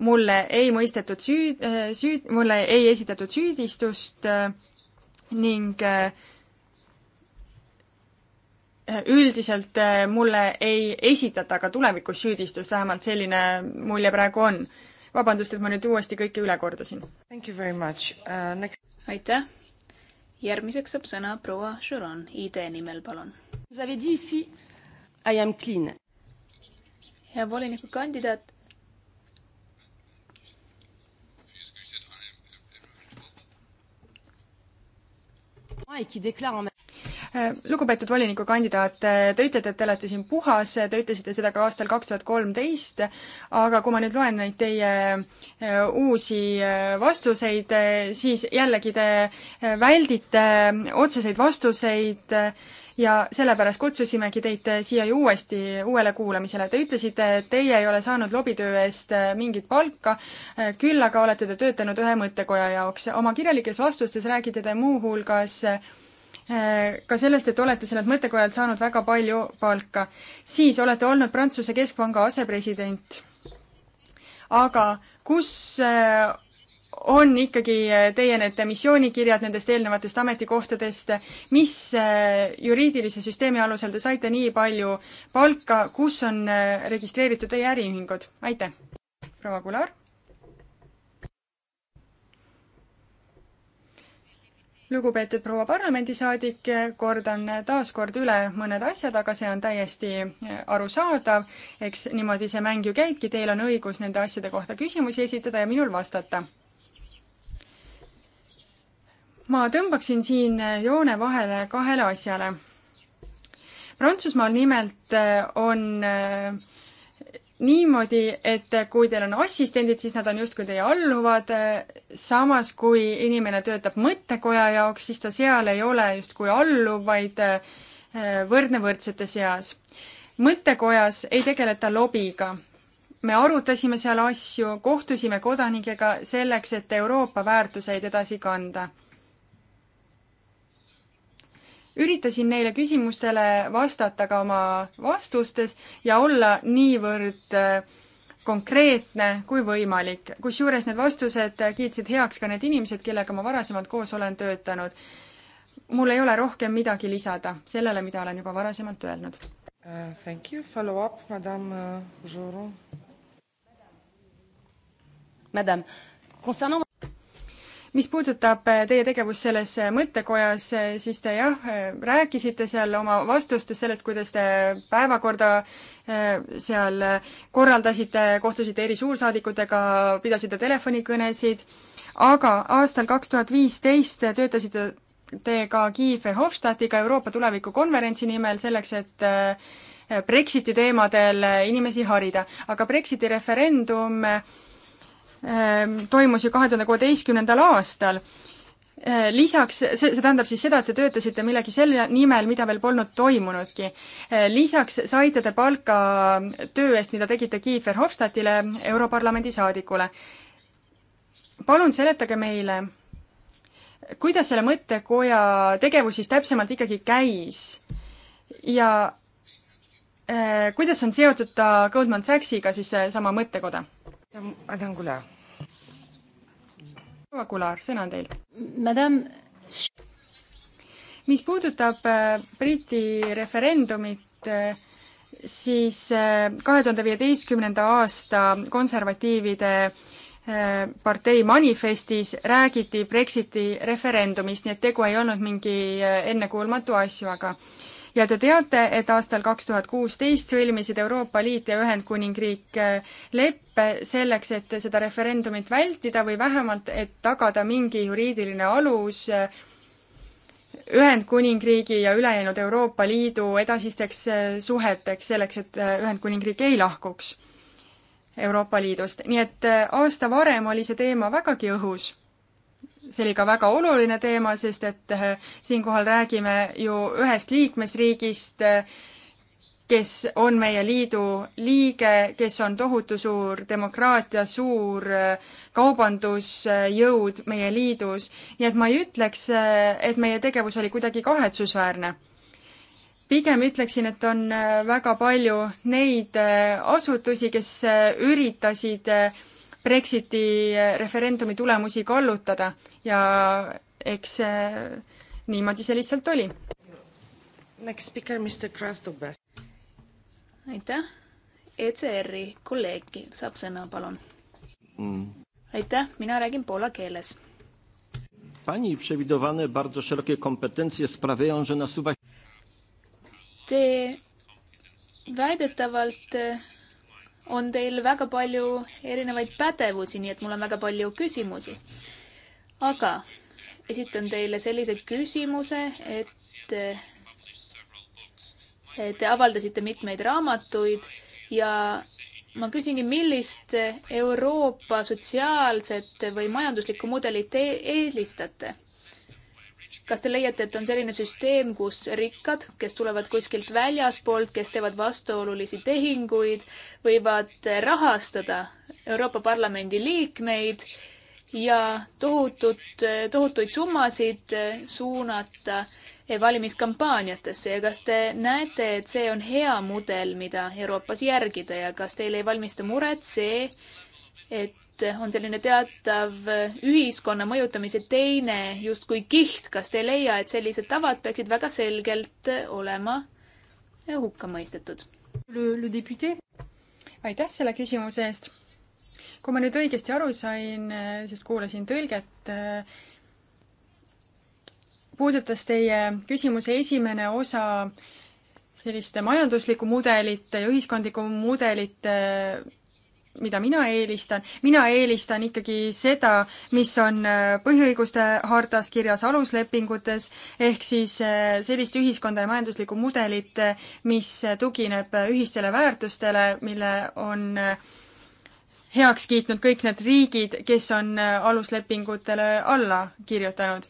mulle ei mõistetud süüd, äh, süüd, mulle ei esitatud süüdistust ning äh, üldiselt äh, mulle ei esitata ka tulevikus süüdistust, vähemalt selline mulje praegu on. vabandust, et ma nüüd uuesti kõike üle kordasin. Uh, next... aitäh. järgmiseks saab sõna proua Juron, ID nimel, palun. hea volinikukandidaat. et qui déclare en Äh, lugupeetud volinikukandidaat, äh, te ütlete, et te olete siin puhas, äh, te ütlesite seda ka aastal kaks tuhat kolmteist, aga kui ma nüüd loen neid teie uusi vastuseid, siis jällegi te väldite otseseid vastuseid ja sellepärast kutsusimegi teid siia ju uuesti uuele kuulamisele. Te ütlesite, et teie ei ole saanud lobitöö eest mingit palka, küll aga olete te töötanud ühe mõttekoja jaoks. oma kirjalikes vastustes räägite te muuhulgas äh, Äh, ka sellest, et olete sellelt mõttekojalt saanud väga palju palka. siis olete olnud Prantsuse Keskpanga asepresident. aga kus äh, on ikkagi äh, teie need missioonikirjad nendest eelnevatest ametikohtadest, mis juriidilise süsteemi alusel te saite nii palju palka, kus on registreeritud teie äriühingud? aitäh, proua Kular. lugupeetud proua parlamendisaadik, kordan taas kord üle mõned asjad, aga see on täiesti arusaadav. eks niimoodi see mäng ju käibki, teil on õigus nende asjade kohta küsimusi esitada ja minul vastata. ma tõmbaksin siin joone vahele kahele asjale. Prantsusmaal nimelt on äh, niimoodi, et kui teil on assistendid, siis nad on justkui teie alluvad, samas kui inimene töötab mõttekoja jaoks, siis ta seal ei ole justkui alluv, vaid eh, võrdne võrdsete seas. mõttekojas ei tegeleta lobiga. me arutasime seal asju, kohtusime kodanikega selleks, et Euroopa väärtuseid edasi kanda üritasin neile küsimustele vastata ka oma vastustes ja olla niivõrd äh, konkreetne kui võimalik. kusjuures need vastused kiitsid heaks ka need inimesed, kellega ma varasemalt koos olen töötanud. mul ei ole rohkem midagi lisada sellele, mida olen juba varasemalt öelnud uh,. Thank you, follow up, madam uh, Juru. Madame, concernant mis puudutab eh, teie tegevust selles eh, mõttekojas, eh, siis te jah, rääkisite seal oma vastustes sellest, kuidas te päevakorda seal korraldasite, kohtusite eri suursaadikutega, pidasite telefonikõnesid, aga aastal kaks tuhat viisteist töötasite te ka Guy Verhofstadtiga Euroopa tuleviku konverentsi nimel selleks, et Brexiti teemadel inimesi harida. aga Brexiti referendum äh, Ähm, toimus ju kahe tuhande kuueteistkümnendal aastal. Äh, lisaks, see, see tähendab siis seda, et te töötasite millegi selle nimel, mida veel polnud toimunudki. Äh, lisaks saite te palka töö eest, mida tegite Kiefer Hofstadtile, Europarlamendi saadikule. palun seletage meile, kuidas selle mõttekoja tegevus siis täpsemalt ikkagi käis ja äh, kuidas on seotud ta Goldman Sachsiga, siis seesama mõttekoda? Madame Goulard. proua Goulard, sõna on teil. Madame. mis puudutab äh, Briti referendumit, äh, siis äh, kahe tuhande viieteistkümnenda aasta konservatiivide partei manifestis räägiti Brexiti referendumist, nii et tegu ei olnud mingi ennekuulmatu asjaga ja te teate, et aastal kaks tuhat kuusteist sõlmisid Euroopa Liit ja Ühendkuningriik eh, leppe selleks, et seda referendumit vältida või vähemalt, et tagada mingi juriidiline alus eh, Ühendkuningriigi ja ülejäänud Euroopa Liidu edasisteks eh, suheteks, selleks et Ühendkuningriik ei lahkuks Euroopa Liidust. nii et aasta varem oli see teema vägagi õhus see oli ka väga oluline teema, sest et äh, siinkohal räägime ju ühest liikmesriigist, äh, kes on meie liidu liige, kes on tohutu suur demokraatia, suur äh, kaubandusjõud meie liidus, nii et ma ei ütleks, et meie tegevus oli kuidagi kahetsusväärne. pigem ütleksin, et on väga palju neid asutusi, kes üritasid Brexiti eh, referendumi tulemusi kallutada ja eks eh, niimoodi see lihtsalt oli. Next speaker, Mr Krasnobes. aitäh. ECR-i kolleeg saab sõna, palun mm.. aitäh, mina räägin poola keeles. Pani przewidywane bardzo szerokie kompetencje sprawiają, że nasuwa Te väidetavalt on teil väga palju erinevaid pädevusi, nii et mul on väga palju küsimusi. aga esitan teile sellise küsimuse, et te avaldasite mitmeid raamatuid ja ma küsingi, millist Euroopa sotsiaalset või majanduslikku mudelit te eelistate? kas te leiate, et on selline süsteem, kus rikkad, kes tulevad kuskilt väljaspoolt, kes teevad vastuolulisi tehinguid, võivad rahastada Euroopa Parlamendi liikmeid ja tohutut, tohutuid summasid suunata valimiskampaaniatesse ja kas te näete, et see on hea mudel, mida Euroopas järgida ja kas teile ei valmista muret see, et on selline teatav ühiskonna mõjutamise teine justkui kiht. kas te ei leia, et sellised tavad peaksid väga selgelt olema hukka mõistetud? aitäh selle küsimuse eest. kui ma nüüd õigesti aru sain, eh, sest kuulasin tõlget, eh, puudutas teie küsimuse esimene osa selliste majanduslikku mudelit ja ühiskondlikku mudelit mida mina eelistan, mina eelistan ikkagi seda, mis on äh, põhiõiguste hartas kirjas aluslepingutes, ehk siis äh, sellist ühiskonda ja majanduslikku mudelit, äh, mis tugineb ühistele väärtustele, mille on heaks kiitnud kõik need riigid, kes on aluslepingutele alla kirjutanud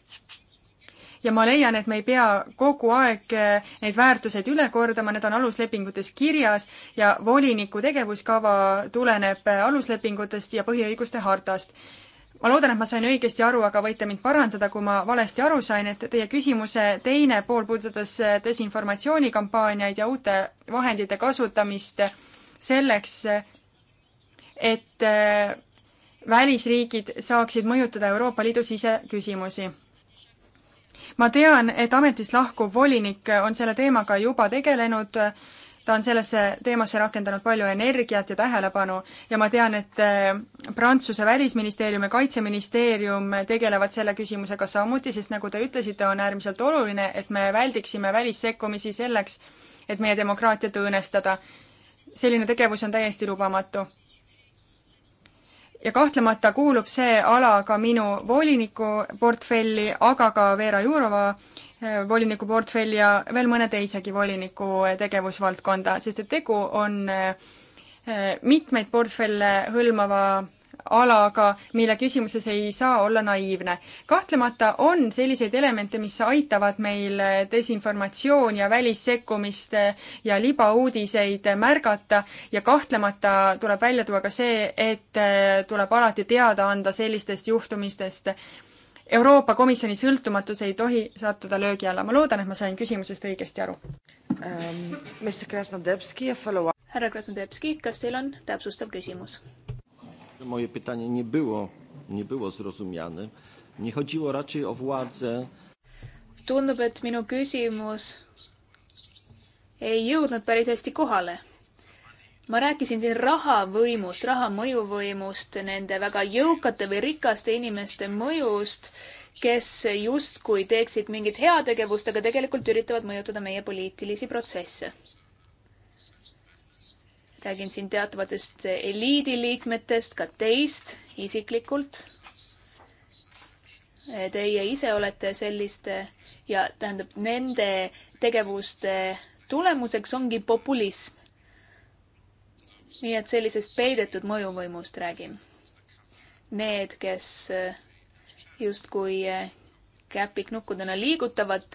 ja ma leian, et me ei pea kogu aeg eh, neid väärtuseid üle kordama, need on aluslepingutes kirjas ja voliniku tegevuskava tuleneb eh, aluslepingutest ja põhiõiguste hartast ma loodan, et ma sain õigesti aru, aga võite mind parandada, kui ma valesti aru sain, et teie küsimuse teine pool puudutas eh, desinformatsioonikampaaniaid ja uute vahendite kasutamist selleks, et välisriigid saaksid mõjutada Euroopa Liidu siseküsimusi ma tean, et ametist lahkuv volinik on selle teemaga juba tegelenud, ta on sellesse teemasse rakendanud palju energiat ja tähelepanu ja ma tean, et eh, Prantsuse välisministeerium ja kaitseministeerium tegelevad selle küsimusega samuti, sest nagu te ütlesite, on äärmiselt oluline, et me väldiksime välissekkumisi selleks, et meie demokraatiat õõnestada. selline tegevus on täiesti lubamatu ja kahtlemata kuulub see ala ka minu voliniku portfelli, aga ka Veera Jurova eh, voliniku portfelli ja veel mõne teisegi voliniku eh, tegevusvaldkonda, sest et tegu on eh, mitmeid portfelle hõlmava alaga, mille küsimuses ei saa olla naiivne. kahtlemata on selliseid elemente, mis aitavad meil desinformatsioon ja välissekkumist ja libauudiseid märgata ja kahtlemata tuleb välja tuua ka see, et tuleb alati teada anda sellistest juhtumistest. Euroopa Komisjoni sõltumatus ei tohi sattuda löögi alla. ma loodan, et ma sain küsimusest õigesti aru um,. härra Krasnodebski, kas teil on täpsustav küsimus? moje pytanie nie było, nie było zrozumiane. Nie chodziło raczej o władzę. Tundub, et minu küsimus ei jõudnud päris hästi kohale. ma rääkisin siin rahavõimust, raha mõjuvõimust, nende väga jõukate või rikaste inimeste mõjust, kes justkui teeksid mingit heategevust, aga tegelikult üritavad mõjutada meie poliitilisi protsesse räägin siin teatavatest eliidiliikmetest, ka teist isiklikult. Teie ise olete selliste ja tähendab, nende tegevuste tulemuseks ongi populism. nii et sellisest peidetud mõjuvõimust räägin. Need, kes justkui käpiknukkudena liigutavad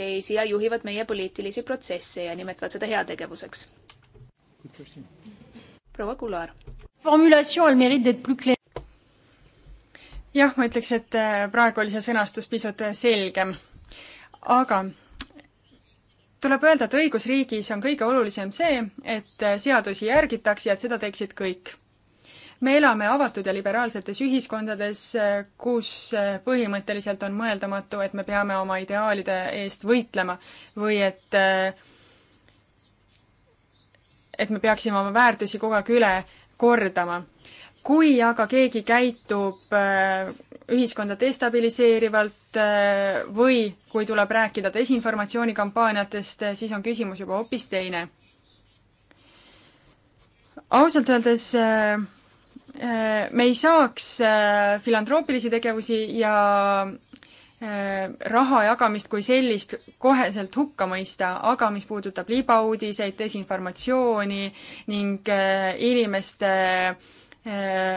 teisi ja juhivad meie poliitilisi protsesse ja nimetavad seda heategevuseks. Good question proua Kular. jah, ma ütleks, et äh, praegu oli see sõnastus pisut äh, selgem. aga tuleb öelda, et õigusriigis on kõige olulisem see, et äh, seadusi järgitaks ja et seda teeksid kõik. me elame avatud ja liberaalsetes ühiskondades, kus põhimõtteliselt on mõeldamatu, et me peame oma ideaalide eest võitlema või et äh, et me peaksime oma väärtusi kogu aeg üle kordama. kui aga keegi käitub äh, ühiskonda destabiliseerivalt äh, või kui tuleb rääkida desinformatsioonikampaaniatest, äh, siis on küsimus juba hoopis teine. ausalt öeldes me ei saaks filantroopilisi tegevusi ja Äh, raha jagamist kui sellist koheselt hukka mõista, aga mis puudutab libauudiseid, desinformatsiooni ning äh, inimeste äh,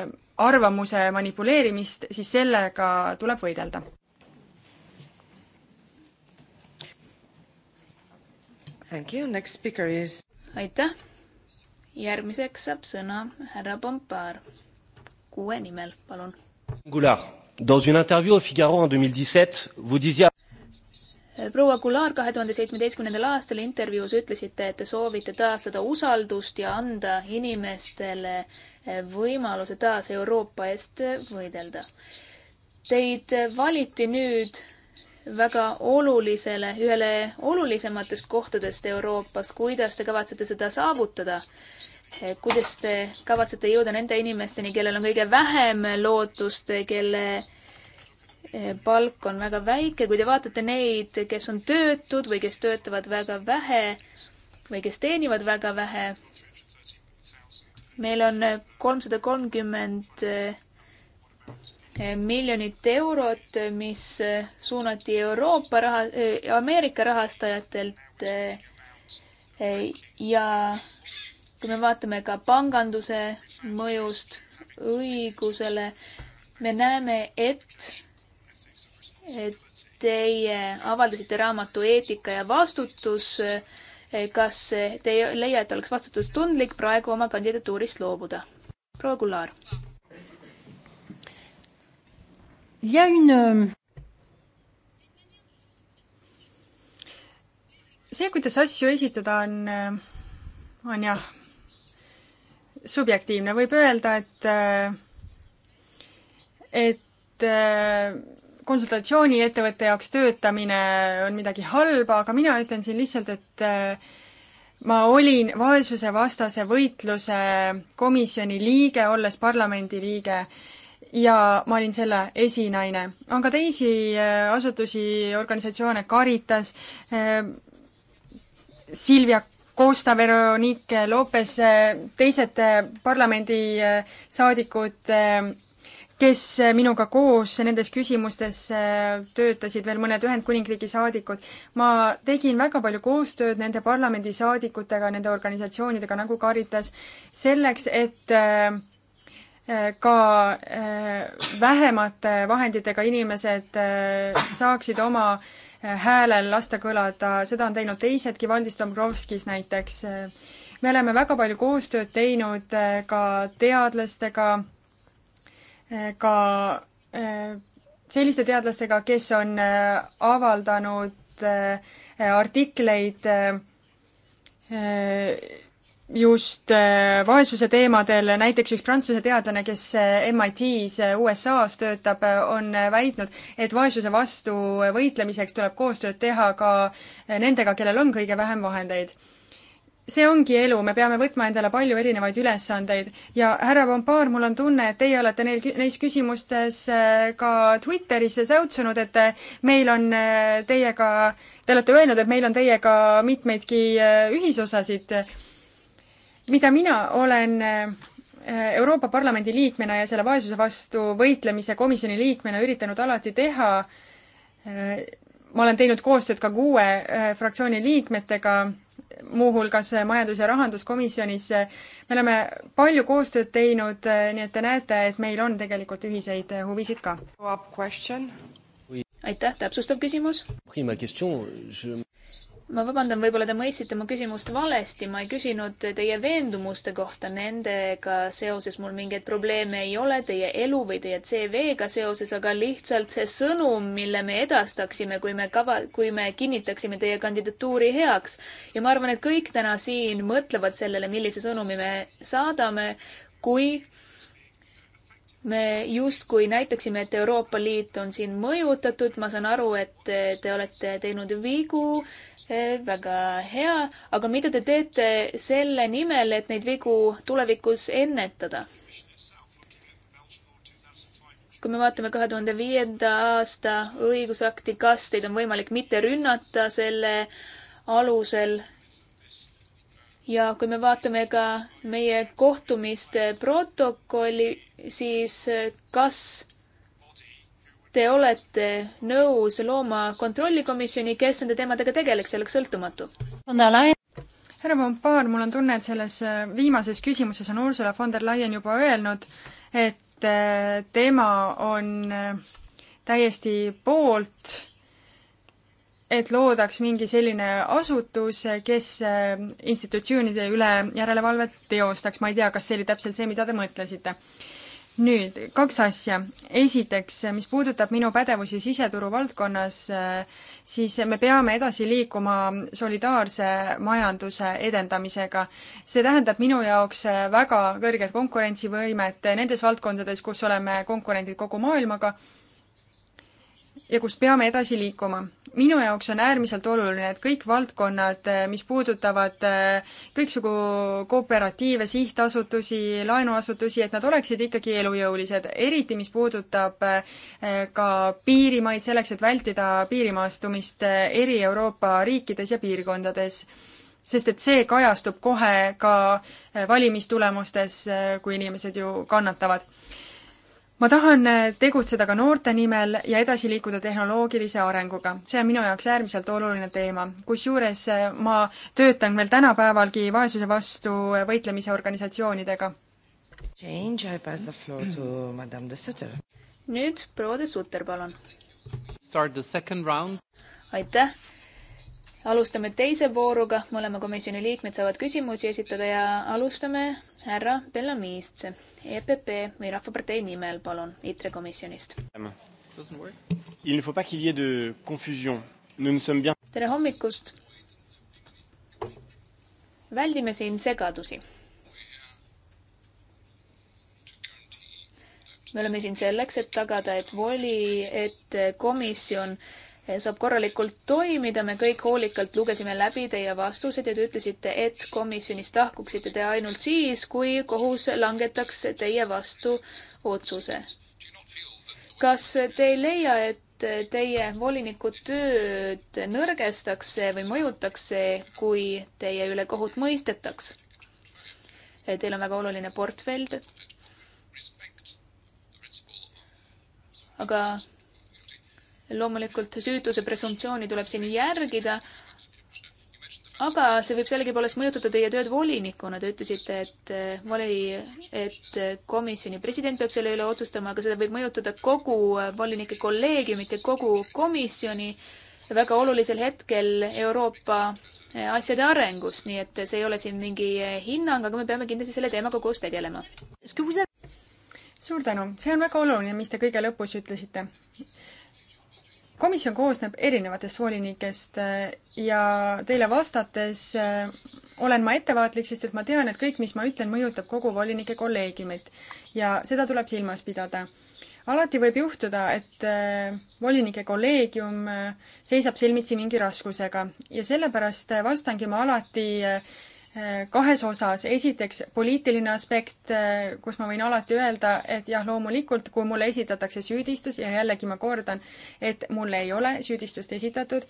arvamuse manipuleerimist, siis sellega tuleb võidelda. Thank you, next speaker is aitäh! järgmiseks saab sõna härra Pompaar. kuue nimel, palun. Goulart Dans une interview au Figaro en 2017, vous disiez proua Goulart, kahe tuhande seitsmeteistkümnendal aastal intervjuus ütlesite, et te soovite taastada usaldust ja anda inimestele eh, võimaluse taas Euroopa eest võidelda. Teid valiti nüüd väga olulisele, ühele olulisematest kohtadest Euroopas. kuidas te kavatsete seda saavutada? kuidas te kavatsete jõuda nende inimesteni, kellel on kõige vähem lootust, kelle eh, palk on väga väike, kui te vaatate neid, kes on töötud või kes töötavad väga vähe või kes teenivad väga vähe. meil on kolmsada kolmkümmend eh, miljonit eurot, mis suunati Euroopa raha, eh, Ameerika rahastajatelt ja kui me vaatame ka panganduse mõjust õigusele, me näeme, et teie avaldasite raamatu Eetika ja vastutus. kas te ei leia, et oleks vastutustundlik praegu oma kandidatuurist loobuda? proua Kullar. see, kuidas asju esitada, on, äh, on jah subjektiivne, võib öelda, et äh, et äh, konsultatsiooniettevõtte jaoks töötamine on midagi halba, aga mina ütlen siin lihtsalt, et äh, ma olin vaesusevastase võitluse komisjoni liige, olles parlamendi liige, ja ma olin selle esinaine. on ka teisi asutusi, organisatsioone, Caritas, Silvia Costa Veronique Lopez, äh, teised äh, parlamendisaadikud, äh, kes minuga koos nendes küsimustes töötasid, veel mõned Ühendkuningriigi saadikud. ma tegin väga palju koostööd nende parlamendisaadikutega, nende organisatsioonidega nagu Caritas, selleks, et ka vähemate vahenditega inimesed saaksid oma äh, häälel lasta kõlada, seda on teinud teisedki, Valdis Dombrovskis näiteks. me oleme väga palju koostööd teinud äh, ka teadlastega, äh, ka äh, selliste teadlastega, kes on avaldanud artikleid just äh, vaesuse teemadel, näiteks üks prantsuse teadlane, kes äh, MIT-s äh, USA-s töötab, on väitnud, et vaesuse vastu võitlemiseks tuleb koostööd teha ka nendega, kellel on kõige vähem vahendeid. see ongi elu, me peame võtma endale palju erinevaid ülesandeid ja härra Pompaar, mul on tunne, et teie olete neil, neis küsimustes ka Twitteris säutsunud, et meil on teiega, te olete öelnud, et meil on teiega mitmeidki ühisosasid mida mina olen äh, Euroopa Parlamendi liikmena ja selle vaesuse vastu võitlemise komisjoni liikmena üritanud alati teha, äh, ma olen teinud koostööd ka kuue äh, fraktsiooni liikmetega, muuhulgas Majandus- ja Rahanduskomisjonis, me oleme palju koostööd teinud, nii et te näete, et meil on tegelikult ühiseid huvisid ka. aitäh, täpsustav küsimus? ma vabandan, võib-olla te mõistsite mu küsimust valesti, ma ei küsinud teie veendumuste kohta, nendega seoses mul mingeid probleeme ei ole, teie elu või teie CV-ga seoses, aga lihtsalt see sõnum, mille me edastaksime, kui me kava, kui me kinnitaksime teie kandidatuuri heaks. ja ma arvan, et kõik täna siin mõtlevad sellele, millise sõnumi me saadame, kui me justkui näitaksime, et Euroopa Liit on siin mõjutatud, ma saan aru, et te olete teinud vigu, väga hea, aga mida te teete selle nimel, et neid vigu tulevikus ennetada? kui me vaatame kahe tuhande viienda aasta õigusakti, kas teid on võimalik mitte rünnata selle alusel ja kui me vaatame ka meie kohtumiste protokolli, siis kas te olete nõus looma kontrollikomisjoni, kes nende teemadega tegeleks ja oleks sõltumatu? härra Pompaar, mul on tunne, et selles äh, viimases küsimuses on Ursula von der Leyen juba öelnud, et äh, tema on äh, täiesti poolt, et loodaks mingi selline asutus, kes institutsioonide üle järelevalvet teostaks, ma ei tea, kas see oli täpselt see, mida te mõtlesite nüüd kaks asja. esiteks, mis puudutab minu pädevusi siseturu valdkonnas, siis me peame edasi liikuma solidaarse majanduse edendamisega. see tähendab minu jaoks väga kõrget konkurentsivõimet nendes valdkondades, kus oleme konkurendid kogu maailmaga ja kust peame edasi liikuma. minu jaoks on äärmiselt oluline, et kõik valdkonnad, eh, mis puudutavad eh, kõiksugu kooperatiive, sihtasutusi, laenuasutusi, et nad oleksid ikkagi elujõulised, eriti mis puudutab eh, ka piirimaid, selleks et vältida piirimaastumist eri Euroopa riikides ja piirkondades. sest et see kajastub kohe ka valimistulemustes, kui inimesed ju kannatavad ma tahan äh, tegutseda ka noorte nimel ja edasi liikuda tehnoloogilise arenguga. see on minu jaoks äärmiselt oluline teema. kusjuures äh, ma töötan veel tänapäevalgi vaesuse vastu äh, võitlemise organisatsioonidega. (clears throat) nüüd proua de Sutter, palun. aitäh alustame teise vooruga, mõlema komisjoni liikmed saavad küsimusi esitada ja alustame härra Bellamiist, EPP või Rahvapartei nimel, palun, ITRE komisjonist. tere hommikust! väldime siin segadusi me oleme siin selleks, et tagada, et voli, et komisjon Eh, saab korralikult toimida. me kõik hoolikalt lugesime läbi teie vastused ja te ütlesite, et komisjonist lahkuksite te ainult siis, kui kohus langetaks teie vastu otsuse. kas te ei leia, et teie voliniku tööd nõrgestakse või mõjutakse, kui teie üle kohut mõistetaks? Eh, teil on väga oluline portfell. aga loomulikult süütuse presumptsiooni tuleb siin järgida, aga see võib sellegipoolest mõjutada teie tööd volinikuna. Te ütlesite, et eh, voli, et komisjoni president peab selle üle otsustama, aga seda võib mõjutada kogu eh, volinike kolleegiumit ja kogu komisjoni väga olulisel hetkel Euroopa eh, asjade arengus, nii et see ei ole siin mingi hinnang, aga me peame kindlasti selle teemaga koos tegelema. suur tänu, see on väga oluline, mis te kõige lõpus ütlesite komisjon koosneb erinevatest volinikest äh, ja teile vastates äh, olen ma ettevaatlik, sest et ma tean, et kõik, mis ma ütlen, mõjutab kogu volinike kolleegiumit ja seda tuleb silmas pidada. alati võib juhtuda, et äh, volinike kolleegium seisab silmitsi mingi raskusega ja sellepärast vastangi ma alati kahes osas, esiteks poliitiline aspekt, kus ma võin alati öelda, et jah, loomulikult, kui mulle esitatakse süüdistus ja jällegi ma kordan, et mulle ei ole süüdistust esitatud,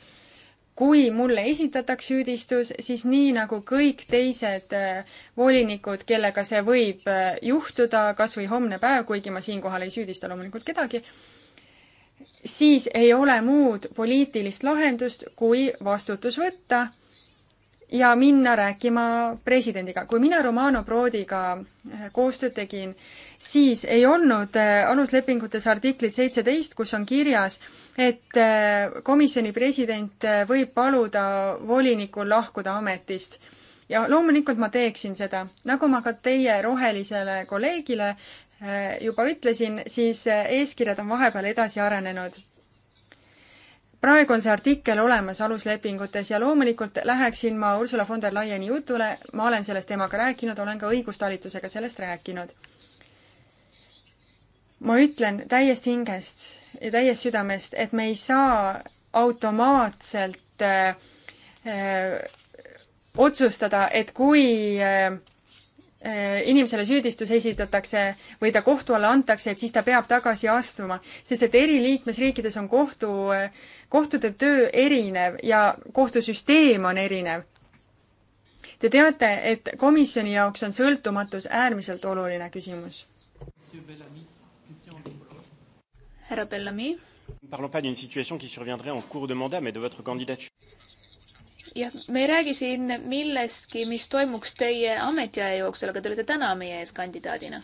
kui mulle esitatakse süüdistus, siis nii nagu kõik teised äh, volinikud, kellega see võib äh, juhtuda, kas või homne päev, kuigi ma siinkohal ei süüdista loomulikult kedagi, siis ei ole muud poliitilist lahendust, kui vastutus võtta ja minna rääkima presidendiga. kui mina Romano Prodiga eh, koostööd tegin, siis ei olnud eh, aluslepingutes artiklit seitseteist, kus on kirjas, et eh, komisjoni president võib paluda volinikul lahkuda ametist. ja loomulikult ma teeksin seda. nagu ma ka teie rohelisele kolleegile juba ütlesin, siis eeskirjad on vahepeal edasi arenenud praegu on see artikkel olemas aluslepingutes ja loomulikult läheksin ma Ursula von der Leyeni jutule, ma olen sellest temaga rääkinud, olen ka õigustalitusega sellest rääkinud. ma ütlen täiest hingest ja täiest südamest, et me ei saa automaatselt äh, äh, otsustada, et kui äh, Äh, inimesele süüdistus esitatakse või ta kohtu alla antakse, et siis ta peab tagasi astuma. sest et eri liikmesriikides on kohtu, äh, kohtute töö erinev ja kohtusüsteem on erinev. Te teate, et komisjoni jaoks on sõltumatus äärmiselt oluline küsimus. härra Bellami. Parlons pas d'une situation qui surviendrait en cours de mandat, mais de votre candidature jah, me ei räägi siin millestki, mis toimuks teie ametiaja jooksul, aga te olete täna meie ees kandidaadina.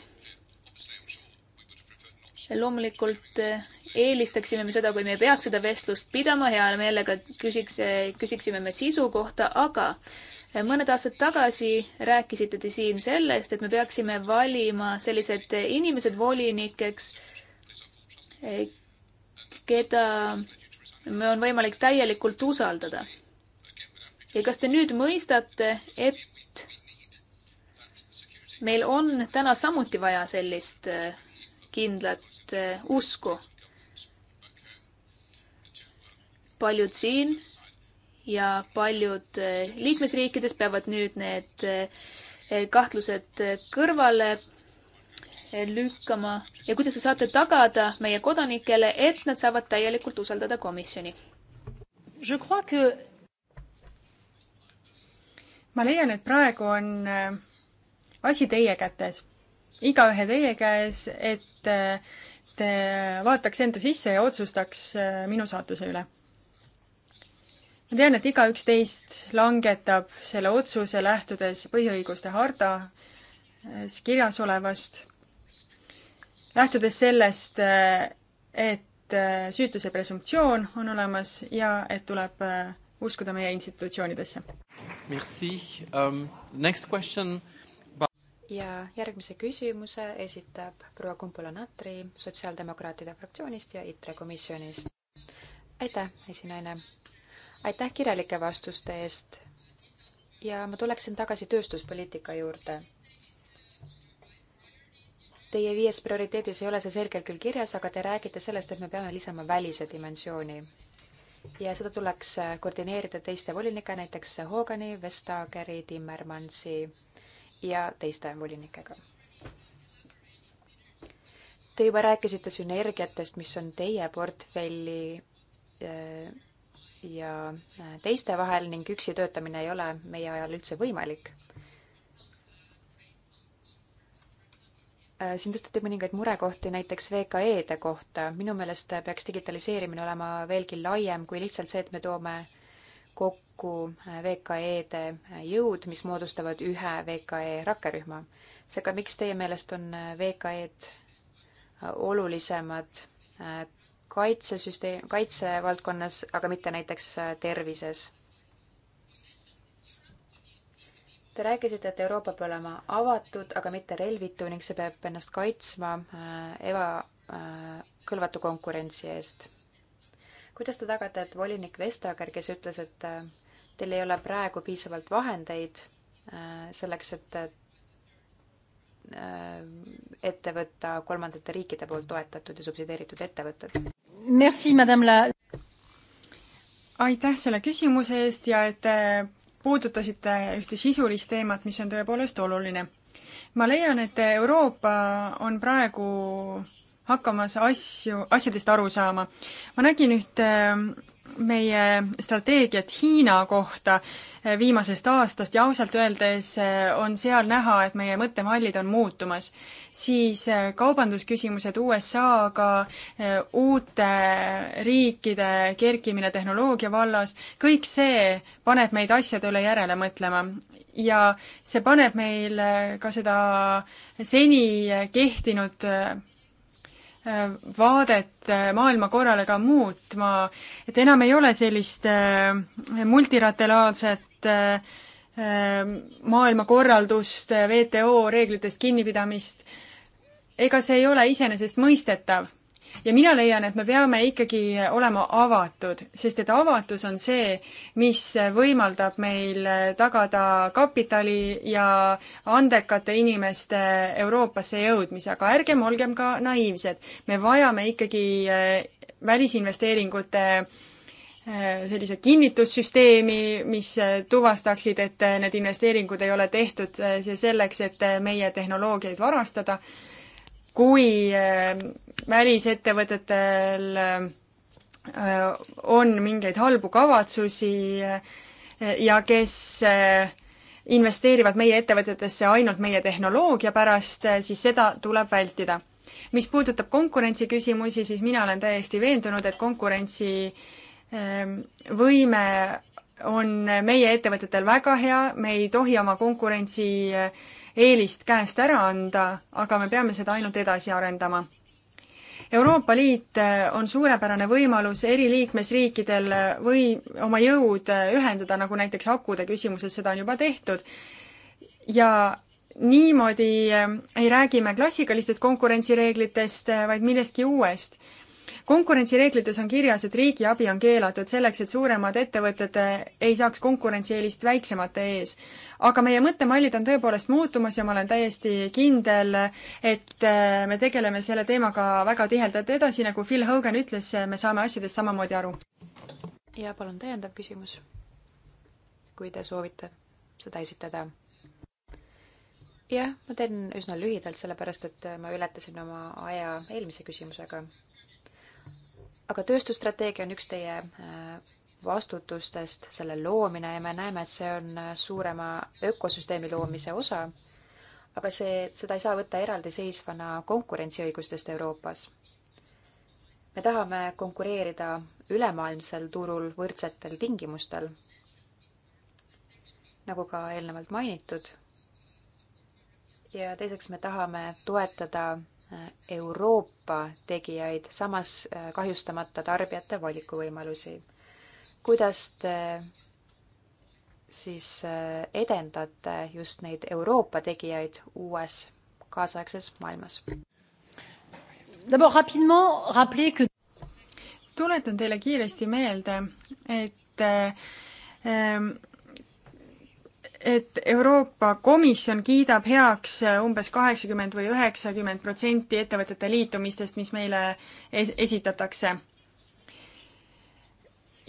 loomulikult eh, eelistaksime me seda, kui me ei peaks seda vestlust pidama, hea meelega küsiks, eh, küsiksime me sisu kohta, aga eh, mõned aastad tagasi rääkisite te siin sellest, et me peaksime valima sellised inimesed volinikeks, keda me on võimalik täielikult usaldada ja kas te nüüd mõistate, et meil on täna samuti vaja sellist äh, kindlat äh, usku? paljud siin ja paljud äh, liikmesriikides peavad nüüd need kahtlused kõrvale lükkama ja kuidas te saate tagada meie kodanikele, et nad saavad täielikult usaldada komisjoni? Je crois que ma leian, et praegu on äh, asi teie kätes, igaühe teie käes, et äh, te vaataks enda sisse ja otsustaks äh, minu saatuse üle. ma tean, et igaüks teist langetab selle otsuse lähtudes põhiõiguste hardas kirjas olevast, lähtudes sellest, et süütuse presumptsioon on olemas ja et tuleb uskuda meie institutsioonidesse. Um, ja järgmise küsimuse esitab proua Kumpula-Natri Sotsiaaldemokraatide fraktsioonist ja ITRE komisjonist. aitäh, esinaine. aitäh kirjalike vastuste eest. ja ma tuleksin tagasi tööstuspoliitika juurde. Teie viies prioriteedis ei ole see selgelt küll kirjas, aga te räägite sellest, et me peame lisama välise dimensiooni ja seda tuleks äh, koordineerida teiste volinike, näiteks Hogani, Vestageri, Timmermansi ja teiste volinikega. Te juba rääkisite sünergiatest, mis on teie portfelli äh, ja äh, teiste vahel ning üksi töötamine ei ole meie ajal üldse võimalik Äh, siin tõsteti mõningaid murekohti näiteks VKE-de kohta. minu meelest peaks digitaliseerimine olema veelgi laiem kui lihtsalt see, et me toome kokku äh, VKE-de äh, jõud, mis moodustavad ühe VKE rakkerühma. seega, miks teie meelest on VKE-d olulisemad kaitsesüsteem, kaitsevaldkonnas, aga mitte näiteks tervises? Te rääkisite, et Euroopa peab olema avatud, aga mitte relvitu ning see peab ennast kaitsma äh, ebakõlvatu äh, konkurentsi eest. kuidas te tagate, et volinik Vestager, kes ütles, et äh, teil ei ole praegu piisavalt vahendeid selleks, et ette võtta kolmandate riikide poolt toetatud ja subsideeritud ettevõtted? Merci, madame la aitäh selle küsimuse eest ja et puudutasite ühte sisulist teemat, mis on tõepoolest oluline. ma leian, et Euroopa on praegu hakkamas asju, asjadest aru saama. ma nägin ühte meie strateegiat Hiina kohta eh, viimasest aastast ja ausalt öeldes eh, on seal näha, et meie mõttemallid on muutumas. siis eh, kaubandusküsimused USA-ga, uute riikide kerkimine tehnoloogia vallas, kõik see paneb meid asjade üle järele mõtlema ja see paneb meil ka seda seni kehtinud vaadet äh, maailmakorrale ka muutma, et enam ei ole sellist äh, multilateraalset äh, maailmakorraldust, WTO reeglitest kinnipidamist, ega see ei ole iseenesestmõistetav ja mina leian, et me peame ikkagi olema avatud, sest et avatus on see, mis võimaldab meil tagada kapitali ja andekate inimeste Euroopasse jõudmise, aga ärgem olgem ka naiivsed. me vajame ikkagi eh, välisinvesteeringute eh, sellise kinnitussüsteemi, mis eh, tuvastaksid, et need investeeringud ei ole tehtud see selleks, et meie tehnoloogiaid varastada kui eh, välisettevõtetel eh, on mingeid halbu kavatsusi eh, ja kes investeerivad meie ettevõtetesse ainult meie tehnoloogia pärast, siis seda tuleb vältida. mis puudutab konkurentsiküsimusi, siis mina olen täiesti veendunud, et konkurentsi võime on meie ettevõtetel väga hea, me ei tohi oma konkurentsieelist eh, käest ära anda, aga me peame seda ainult edasi arendama. Euroopa Liit eh, on suurepärane võimalus eri liikmesriikidel eh, või oma jõud ühendada, nagu näiteks akude küsimuses seda on juba tehtud, ja niimoodi ei räägi me klassikalistest konkurentsireeglitest, vaid millestki uuest konkurentsireeglites on kirjas, et riigiabi on keelatud selleks, et suuremad ettevõtted eh, ei saaks konkurentsieelist väiksemate ees. aga meie mõttemallid on tõepoolest muutumas ja ma olen täiesti kindel, et eh, me tegeleme selle teemaga väga tihedalt edasi, nagu Phil Hogan ütles, me saame asjadest samamoodi aru. ja palun täiendav küsimus, kui te soovite seda esitada jah, ma teen üsna lühidalt, sellepärast et ma ületasin oma aja eelmise küsimusega aga tööstusstrateegia on üks teie äh, vastutustest, selle loomine ja me näeme, et see on äh, suurema ökosüsteemi loomise osa. aga see, seda ei saa võtta eraldiseisvana konkurentsiõigustest Euroopas. me tahame konkureerida ülemaailmsel turul võrdsetel tingimustel. nagu ka eelnevalt mainitud. ja teiseks me tahame toetada Euroopa tegijaid, samas äh, kahjustamata tarbijate valikuvõimalusi. kuidas te siis äh, edendate just neid Euroopa tegijaid uues kaasaegses maailmas? tuletan teile kiiresti meelde, et äh, ähm, et Euroopa Komisjon kiidab heaks umbes kaheksakümmend või üheksakümmend protsenti ettevõtete liitumistest, mis meile es-, esitatakse.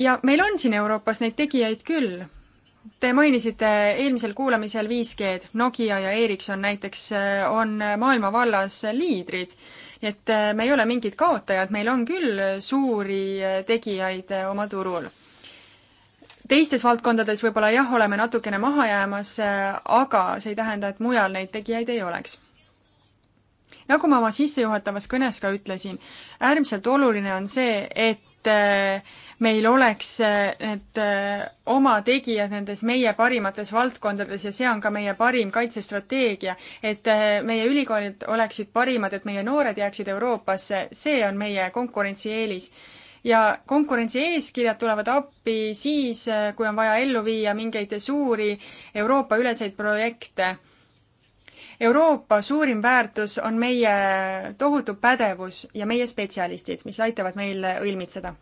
ja meil on siin Euroopas neid tegijaid küll. Te mainisite eelmisel kuulamisel 5G-d, Nokia ja Ericsson näiteks äh, on maailma vallas liidrid, nii et äh, me ei ole mingid kaotajad, meil on küll suuri äh, tegijaid oma turul teistes valdkondades võib-olla jah, oleme natukene maha jäämas, aga see ei tähenda, et mujal neid tegijaid ei oleks nagu ma oma sissejuhatavas kõnes ka ütlesin, äärmiselt oluline on see, et äh, meil oleks äh, need äh, oma tegijad nendes meie parimates valdkondades ja see on ka meie parim kaitsestrateegia. et meie ülikoolid oleksid parimad, et meie noored jääksid Euroopasse, see on meie konkurentsieelis ja konkurentsieeskirjad tulevad appi siis, kui on vaja ellu viia mingeid suuri Euroopa-üleseid projekte. Euroopa suurim väärtus on meie tohutu pädevus ja meie spetsialistid, mis aitavad meil õilmitseda.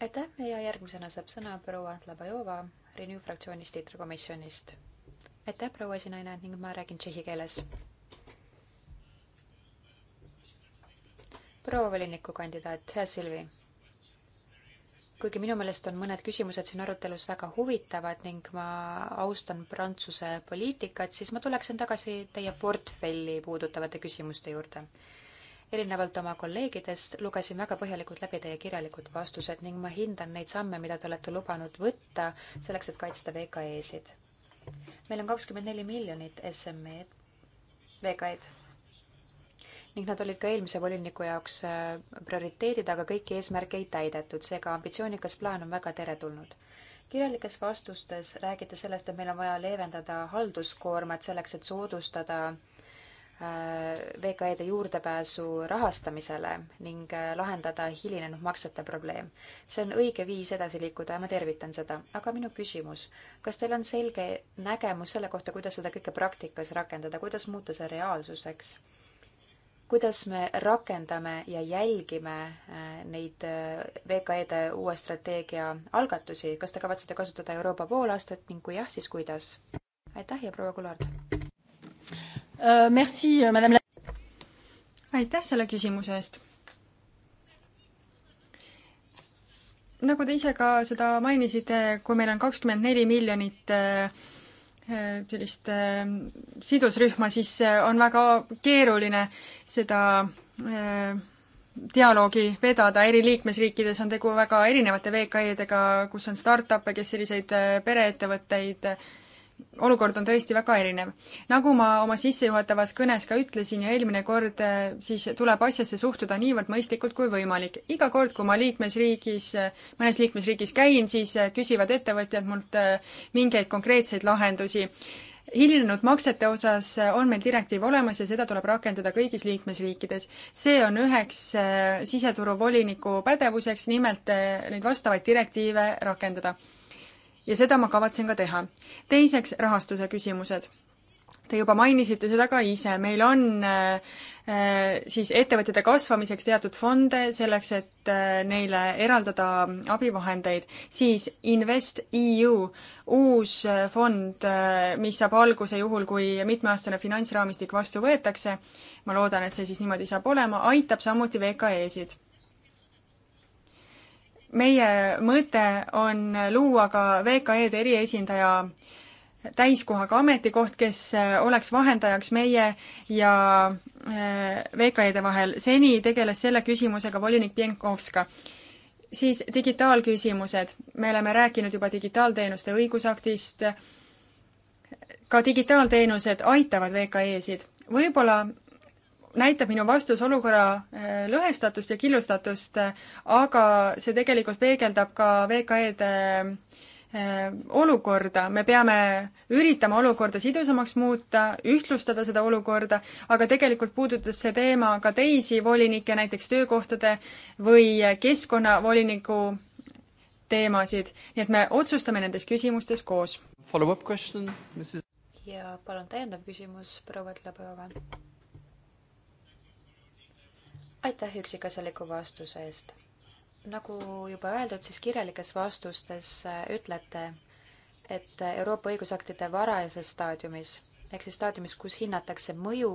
aitäh ja järgmisena saab sõna proua Tlabajova Renew fraktsioonist, eetrikomisjonist. aitäh, proua esinaine ning ma räägin tšehhi keeles proua volinikukandidaat, hea Silvi. kuigi minu meelest on mõned küsimused siin arutelus väga huvitavad ning ma austan Prantsuse poliitikat, siis ma tuleksin tagasi teie portfelli puudutavate küsimuste juurde. erinevalt oma kolleegidest lugesin väga põhjalikult läbi teie kirjalikud vastused ning ma hindan neid samme, mida te olete lubanud võtta selleks, et kaitsta VKE-sid. meil on kakskümmend neli miljonit SME-d, VKE-d ning nad olid ka eelmise voliniku jaoks äh, prioriteedid, aga kõiki eesmärke ei täidetud, seega ambitsioonikas plaan on väga teretulnud. kirjalikes vastustes räägite sellest, et meil on vaja leevendada halduskoormat selleks, et soodustada äh, VKE-de juurdepääsu rahastamisele ning äh, lahendada hilinenud maksete probleem. see on õige viis edasi liikuda ja ma tervitan seda, aga minu küsimus, kas teil on selge nägemus selle kohta, kuidas seda kõike praktikas rakendada, kuidas muuta see reaalsuseks? kuidas me rakendame ja jälgime äh, neid äh, VKE-de uue strateegia algatusi, kas te kavatsete kasutada Euroopa poolaastat ning kui jah, siis kuidas? aitäh ja proua Kulard uh,! Äh, merci, madame la-. aitäh selle küsimuse eest! nagu te ise ka seda mainisite, kui meil on kakskümmend neli miljonit uh, sellist ähm, sidusrühma, siis äh, on väga keeruline seda äh, dialoogi vedada, eri liikmesriikides on tegu väga erinevate VKE-dega, kus on startup'e, kes selliseid äh, pereettevõtteid olukord on tõesti väga erinev. nagu ma oma sissejuhatavas kõnes ka ütlesin ja eelmine kord, äh, siis tuleb asjasse suhtuda niivõrd mõistlikult kui võimalik. iga kord, kui ma liikmesriigis, mõnes liikmesriigis käin, siis äh, küsivad ettevõtjad mult äh, mingeid konkreetseid lahendusi. hilinenud maksete osas on meil direktiiv olemas ja seda tuleb rakendada kõigis liikmesriikides. see on üheks siseturuvoliniku pädevuseks, nimelt neid vastavaid direktiive rakendada ja seda ma kavatsen ka teha. teiseks, rahastuse küsimused Te juba mainisite seda ka ise, meil on äh, äh siis ettevõtjate kasvamiseks teatud fonde selleks, et äh, neile eraldada abivahendeid, siis InvestEU, uus äh, fond äh,, mis saab alguse juhul, kui mitmeaastane finantsraamistik vastu võetakse, ma loodan, et see siis niimoodi saab olema, aitab samuti VKE-sid meie mõte on luua ka VKE-de eriesindaja täiskohaga ametikoht, kes äh, oleks vahendajaks meie ja äh, VKE-de vahel. seni tegeles selle küsimusega volinik Pienkovska. siis digitaalküsimused. me oleme rääkinud juba digitaalteenuste õigusaktist, ka digitaalteenused aitavad VKE-sid. võib-olla näitab minu vastus olukorra äh, lõhestatust ja killustatust, äh, aga see tegelikult peegeldab ka VKE-de äh, olukorda, me peame üritama olukorda sidusamaks muuta, ühtlustada seda olukorda, aga tegelikult puudutab see teema ka teisi volinikke, näiteks töökohtade või keskkonnavoliniku teemasid, nii et me otsustame nendes küsimustes koos. ja palun täiendav küsimus, proua Tlapõeva aitäh üksikasjaliku vastuse eest. nagu juba öeldud, siis kirjalikes vastustes äh, ütlete, et Euroopa õigusaktide varajases staadiumis ehk siis staadiumis, kus hinnatakse mõju,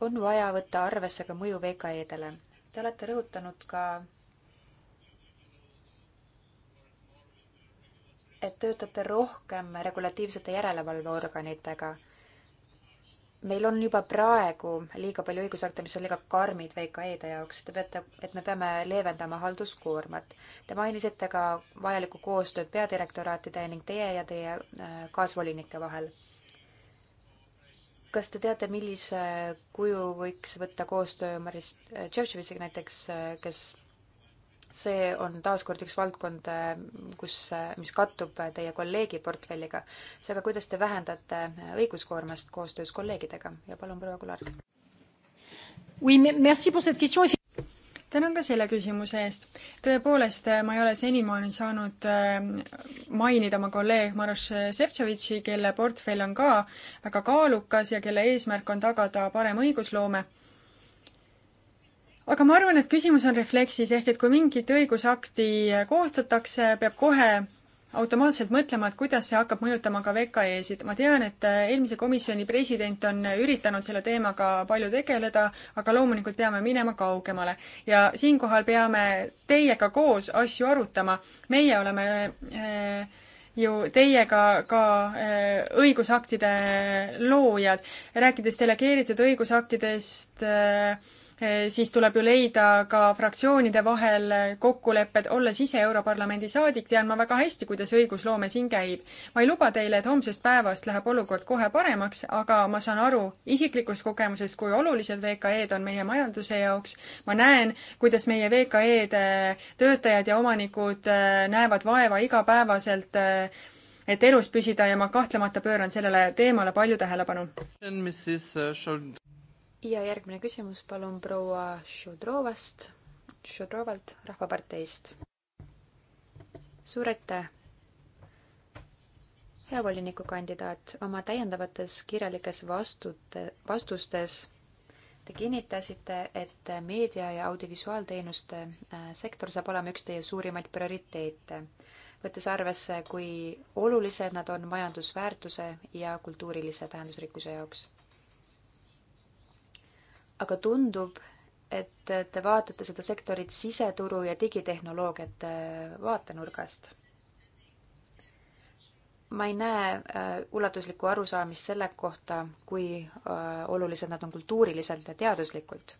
on vaja võtta arvesse ka mõju VKE-dele. Te olete rõhutanud ka, et töötate rohkem regulatiivsete järelevalveorganitega meil on juba praegu liiga palju õigusakte, mis on liiga karmid VKE-de jaoks, te peate, et me peame leevendama halduskoormat. Te mainisite ka vajalikku koostööd peadirektoraatide ning teie ja teie äh, kaasvolinike vahel. kas te teate, millise kuju võiks võtta koostöö Maris äh, Tšetševisiga näiteks, äh, kes see on taaskord üks valdkond, kus, mis kattub teie kolleegi portfelliga. seega, kuidas te vähendate õiguskoormast koostöös kolleegidega ja palun, proua Kular. tänan ka selle küsimuse eest. tõepoolest, ma ei ole senimaani saanud äh, mainida oma kolleeg Maroš Šefčovitši, kelle portfell on ka väga kaalukas ja kelle eesmärk on tagada parem õigusloome aga ma arvan, et küsimus on refleksis, ehk et kui mingit õigusakti koostatakse, peab kohe automaatselt mõtlema, et kuidas see hakkab mõjutama ka VKE-sid. ma tean, et äh, eelmise komisjoni president on üritanud selle teemaga palju tegeleda, aga loomulikult peame minema kaugemale. ja siinkohal peame teiega koos asju arutama. meie oleme äh, ju teiega ka äh, õigusaktide loojad. rääkides delegeeritud õigusaktidest äh,, Eh, siis tuleb ju leida ka fraktsioonide vahel kokkulepped. olles ise Europarlamendi saadik, tean ma väga hästi, kuidas õigusloome siin käib. ma ei luba teile, et homsest päevast läheb olukord kohe paremaks, aga ma saan aru isiklikust kogemusest, kui olulised VKE-d on meie majanduse jaoks. ma näen, kuidas meie VKE-de töötajad ja omanikud eh, näevad vaeva igapäevaselt eh, et elus püsida ja ma kahtlemata pööran sellele teemale palju tähelepanu ja järgmine küsimus palun proua Šudrovast, Šudrovalt Rahvaparteist. suur aitäh! hea volinikukandidaat, oma täiendavates kirjalikes vastute, vastustes Te kinnitasite, et meedia ja audiovisuaalteenuste äh, sektor saab olema üks teie suurimaid prioriteete, võttes arvesse, kui olulised nad on majandusväärtuse ja kultuurilise tähendusrikkuse jaoks aga tundub, et te vaatate seda sektorit siseturu ja digitehnoloogiate vaatenurgast. ma ei näe äh, ulatuslikku arusaamist selle kohta, kui äh, olulised nad on kultuuriliselt ja teaduslikult.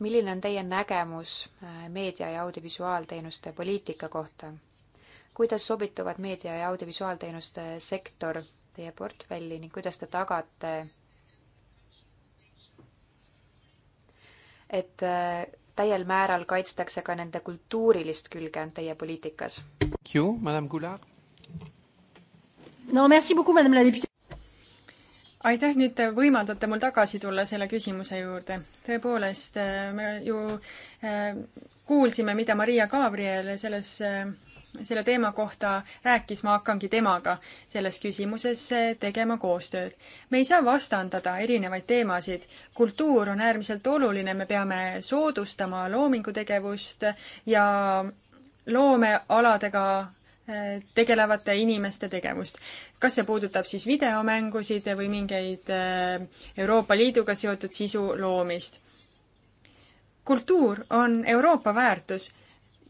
milline on teie nägemus äh, meedia ja audiovisuaalteenuste poliitika kohta? kuidas sobituvad meedia ja audiovisuaalteenuste sektor teie portfelli ning kuidas te tagate, et äh, täiel määral kaitstakse ka nende kultuurilist külge teie poliitikas? no merci beaucoup, madame la députée aitäh, nüüd te võimaldate mul tagasi tulla selle küsimuse juurde. tõepoolest, äh, me ju äh, kuulsime, mida Maria Gabriel selles selle teema kohta rääkis, ma hakkangi temaga selles küsimuses tegema koostööd. me ei saa vastandada erinevaid teemasid. kultuur on äärmiselt oluline, me peame soodustama loomingutegevust ja loomealadega äh, tegelevate inimeste tegevust. kas see puudutab siis videomängusid või mingeid äh, Euroopa Liiduga seotud sisu loomist? kultuur on Euroopa väärtus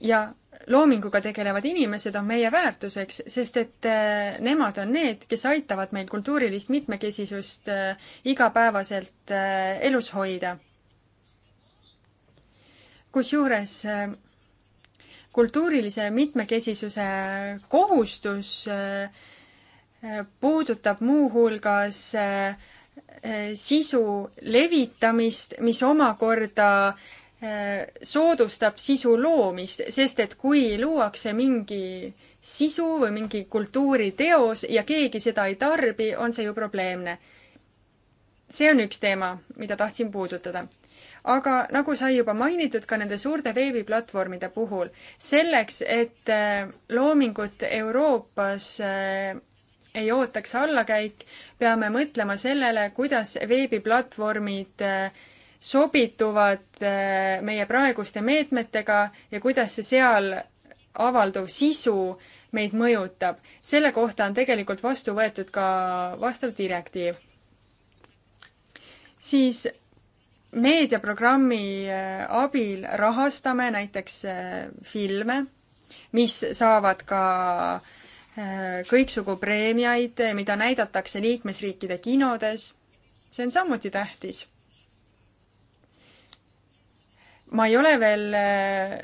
ja loominguga tegelevad inimesed on meie väärtuseks, sest et äh, nemad on need, kes aitavad meil kultuurilist mitmekesisust äh, igapäevaselt äh, elus hoida. kusjuures kultuurilise mitmekesisuse kohustus puudutab muuhulgas sisu levitamist, mis omakorda äh, soodustab sisu loomist, sest et kui luuakse mingi sisu või mingi kultuuriteos ja keegi seda ei tarbi, on see ju probleemne. see on üks teema, mida tahtsin puudutada. aga nagu sai juba mainitud ka nende suurte veebiplatvormide puhul, selleks, et äh, loomingut Euroopas äh, ei ootaks allakäik, peame mõtlema sellele, kuidas veebiplatvormid äh, sobituvad äh, meie praeguste meetmetega ja kuidas see seal avalduv sisu meid mõjutab. selle kohta on tegelikult vastu võetud ka vastav direktiiv. siis meediaprogrammi äh, abil rahastame näiteks äh, filme, mis saavad ka kõiksugu preemiaid, mida näidatakse liikmesriikide kinodes. see on samuti tähtis ma ei ole veel äh,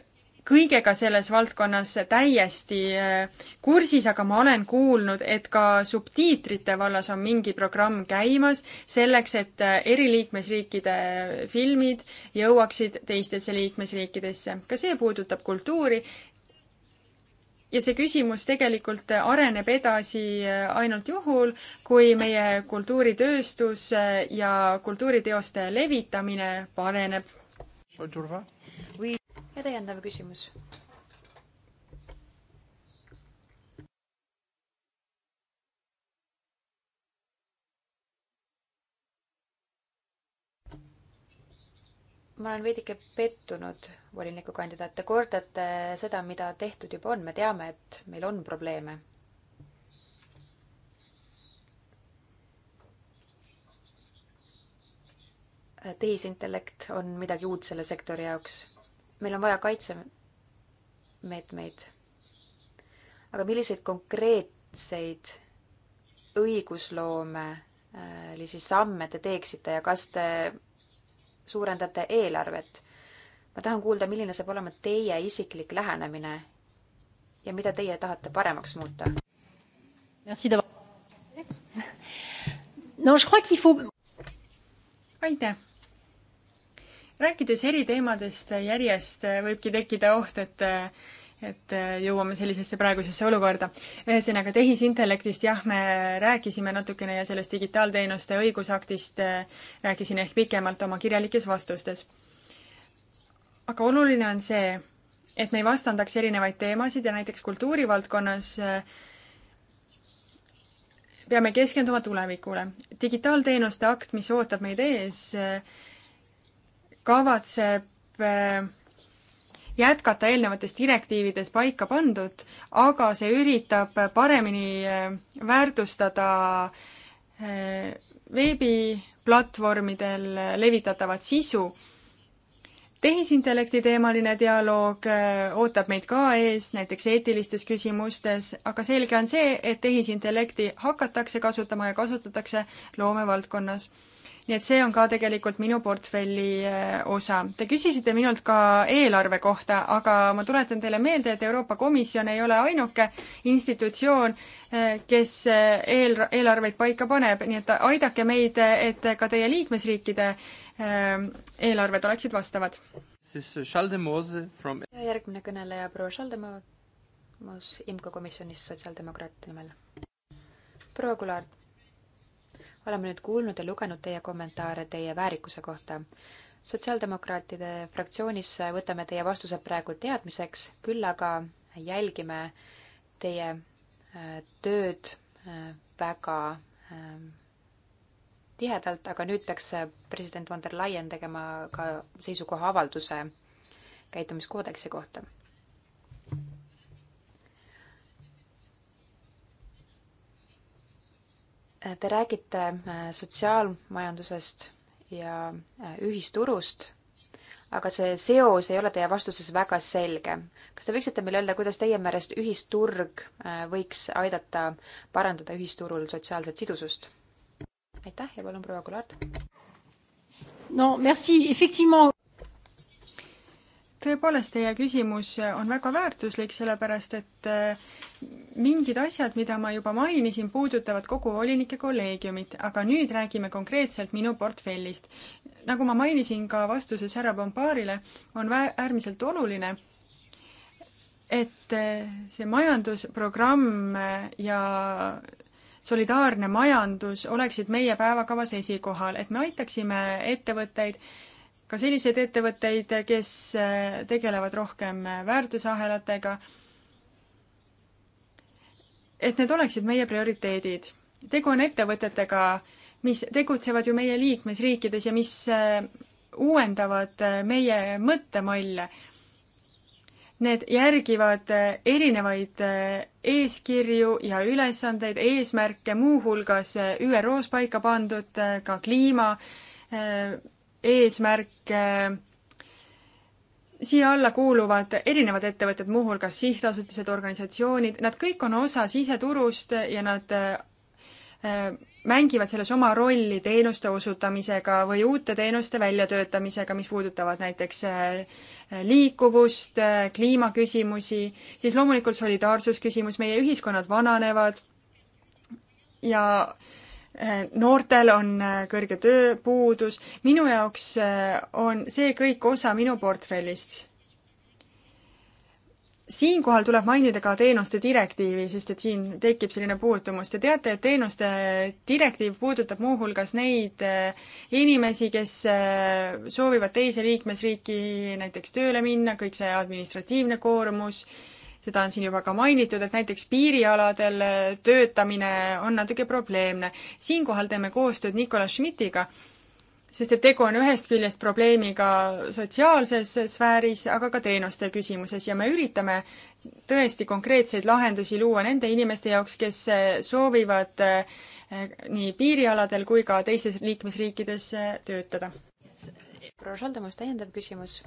kõigega selles valdkonnas täiesti äh, kursis, aga ma olen kuulnud, et ka subtiitrite vallas on mingi programm käimas selleks, et äh, eri liikmesriikide filmid jõuaksid teistesse liikmesriikidesse. ka see puudutab kultuuri. ja see küsimus tegelikult areneb edasi ainult juhul, kui meie kultuuritööstus ja kultuuriteoste levitamine pareneb ja täiendav küsimus. ma olen veidike pettunud volinikukandidaat, te kordate seda, mida tehtud juba on, me teame, et meil on probleeme tehisintellekt on midagi uut selle sektori jaoks. meil on vaja kaitsemeetmeid. aga milliseid konkreetseid õigusloomelisi äh, samme te teeksite ja kas te suurendate eelarvet? ma tahan kuulda, milline saab olema teie isiklik lähenemine ja mida teie tahate paremaks muuta? aitäh! rääkides eri teemadest järjest, eh, võibki tekkida oht, et eh, et eh, jõuame sellisesse praegusesse olukorda. ühesõnaga, tehisintellektist jah, me rääkisime natukene ja sellest digitaalteenuste õigusaktist rääkisin ehk pikemalt oma kirjalikes vastustes. aga oluline on see, et me ei vastandaks erinevaid teemasid ja näiteks kultuurivaldkonnas peame keskenduma tulevikule. digitaalteenuste akt, mis ootab meid ees, kavatseb äh, jätkata eelnevates direktiivides paika pandud, aga see üritab paremini äh, väärtustada äh, veebiplatvormidel levitatavat sisu. tehisintellekti teemaline dialoog ootab meid ka ees, näiteks eetilistes küsimustes, aga selge on see, et tehisintellekti hakatakse kasutama ja kasutatakse loomevaldkonnas nii et see on ka tegelikult minu portfelli eh, osa. Te küsisite minult ka eelarve kohta, aga ma tuletan teile meelde, et Euroopa Komisjon ei ole ainuke institutsioon, eh, kes eh, eel, eelarveid paika paneb, nii et aidake meid, et ka teie liikmesriikide eelarved oleksid vastavad. Uh, from... järgmine kõneleja, proua Šaldemoos IMCO komisjonist sotsiaaldemokraatide nimel. proua Kulart oleme nüüd kuulnud ja lugenud teie kommentaare teie väärikuse kohta. sotsiaaldemokraatide fraktsioonis võtame teie vastused praegu teadmiseks, küll aga jälgime teie äh, tööd äh, väga äh, tihedalt, aga nüüd peaks president von der Leyen tegema ka seisukohaavalduse käitumiskoodeksi kohta Te räägite äh, sotsiaalmajandusest ja äh, ühisturust, aga see seos ei ole teie vastuses väga selge. kas te võiksite meile öelda, kuidas teie meelest ühisturg äh, võiks aidata parandada ühisturul sotsiaalset sidusust? aitäh ja palun, proua Kullard! no merci, effectivement tõepoolest, teie küsimus on väga väärtuslik, sellepärast et äh, mingid asjad, mida ma juba mainisin, puudutavad kogu volinike kolleegiumit, aga nüüd räägime konkreetselt minu portfellist. nagu ma mainisin ka vastuses härra Pompaarile, on äärmiselt oluline, et äh, see majandusprogramm äh, ja solidaarne majandus oleksid meie päevakavas esikohal, et me aitaksime ettevõtteid ka selliseid ettevõtteid, kes äh, tegelevad rohkem äh, väärtusahelatega, et need oleksid meie prioriteedid. tegu on ettevõtetega, mis tegutsevad ju meie liikmesriikides ja mis äh, uuendavad meie mõttemalle. Need järgivad erinevaid eeskirju ja ülesandeid, eesmärke, muuhulgas ÜRO-s paika pandud ka kliima eesmärke siia alla kuuluvad erinevad ettevõtted, muuhulgas sihtasutused, organisatsioonid, nad kõik on osa siseturust ja nad äh, mängivad selles oma rolli teenuste osutamisega või uute teenuste väljatöötamisega, mis puudutavad näiteks äh, liikuvust, äh, kliimaküsimusi, siis loomulikult solidaarsusküsimus, meie ühiskonnad vananevad ja äh, noortel on äh, kõrge tööpuudus, minu jaoks äh, on see kõik osa minu portfellist. siinkohal tuleb mainida ka teenuste direktiivi, sest et siin tekib selline puutumus. Te teate, et teenuste direktiiv puudutab muuhulgas neid äh, inimesi, kes soovivad teise liikmesriiki näiteks tööle minna, kõik see administratiivne koormus, seda on siin juba ka mainitud, et näiteks piirialadel töötamine on natuke probleemne. siinkohal teeme koostööd Nicolas Schmidtiga, sest et tegu on ühest küljest probleemiga sotsiaalses sfääris, aga ka teenuste küsimuses ja me üritame tõesti konkreetseid lahendusi luua nende inimeste jaoks, kes soovivad eh, nii piirialadel kui ka teistes liikmesriikides eh, töötada. proua Šaldemus, täiendav küsimus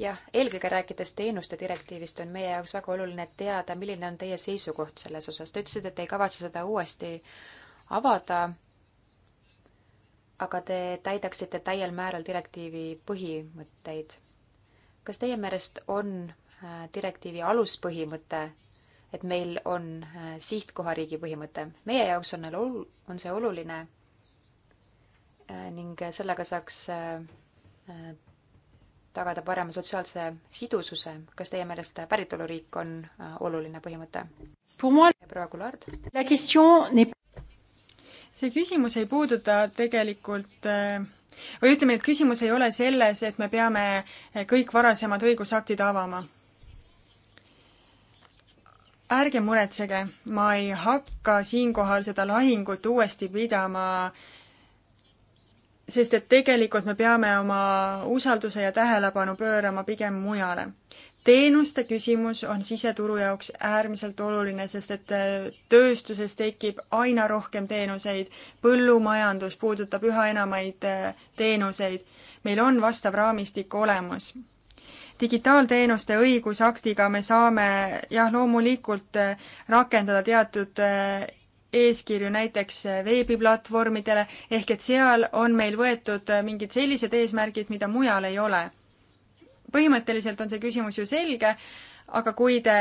jah, eelkõige rääkides teenuste direktiivist, on meie jaoks väga oluline teada, milline on teie seisukoht selles osas. Te ütlesite, et te ei kavatse seda uuesti avada, aga te täidaksite täiel määral direktiivi põhimõtteid. kas teie meelest on äh, direktiivi aluspõhimõte, et meil on äh, sihtkohariigi põhimõte? meie jaoks on, on see oluline äh, ning sellega saaks tagada parema sotsiaalse sidususe, kas teie meelest päritoluriik on äh, oluline põhimõte? proua Kulard. see küsimus ei puuduta tegelikult äh, või ütleme, et küsimus ei ole selles, et me peame äh, kõik varasemad õigusaktid avama. ärge muretsege, ma ei hakka siinkohal seda lahingut uuesti pidama äh, sest et tegelikult me peame oma usalduse ja tähelepanu pöörama pigem mujale. teenuste küsimus on siseturu jaoks äärmiselt oluline, sest et äh, tööstuses tekib aina rohkem teenuseid, põllumajandus puudutab üha enamaid äh, teenuseid, meil on vastav raamistik olemas digitaalteenuste õigusaktiga me saame jah, loomulikult äh, rakendada teatud eeskirju näiteks veebiplatvormidele, ehk et seal on meil võetud mingid sellised eesmärgid, mida mujal ei ole. põhimõtteliselt on see küsimus ju selge, aga kui te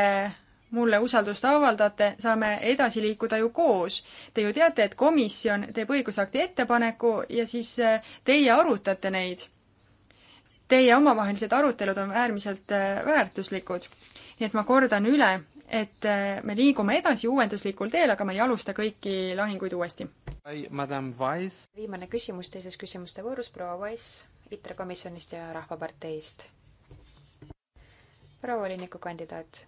mulle usaldust avaldate, saame edasi liikuda ju koos. Te ju teate, et komisjon teeb õigusakti ettepaneku ja siis äh, teie arutate neid. Teie omavahelised arutelud on äärmiselt äh, väärtuslikud. nii et ma kordan üle, et äh, me liigume edasi uuenduslikul teel, aga me ei alusta kõiki lahinguid uuesti. viimane küsimus teises küsimuste voorus, proua Wise ITRE komisjonist ja Rahvaparteist. proua volinikukandidaat,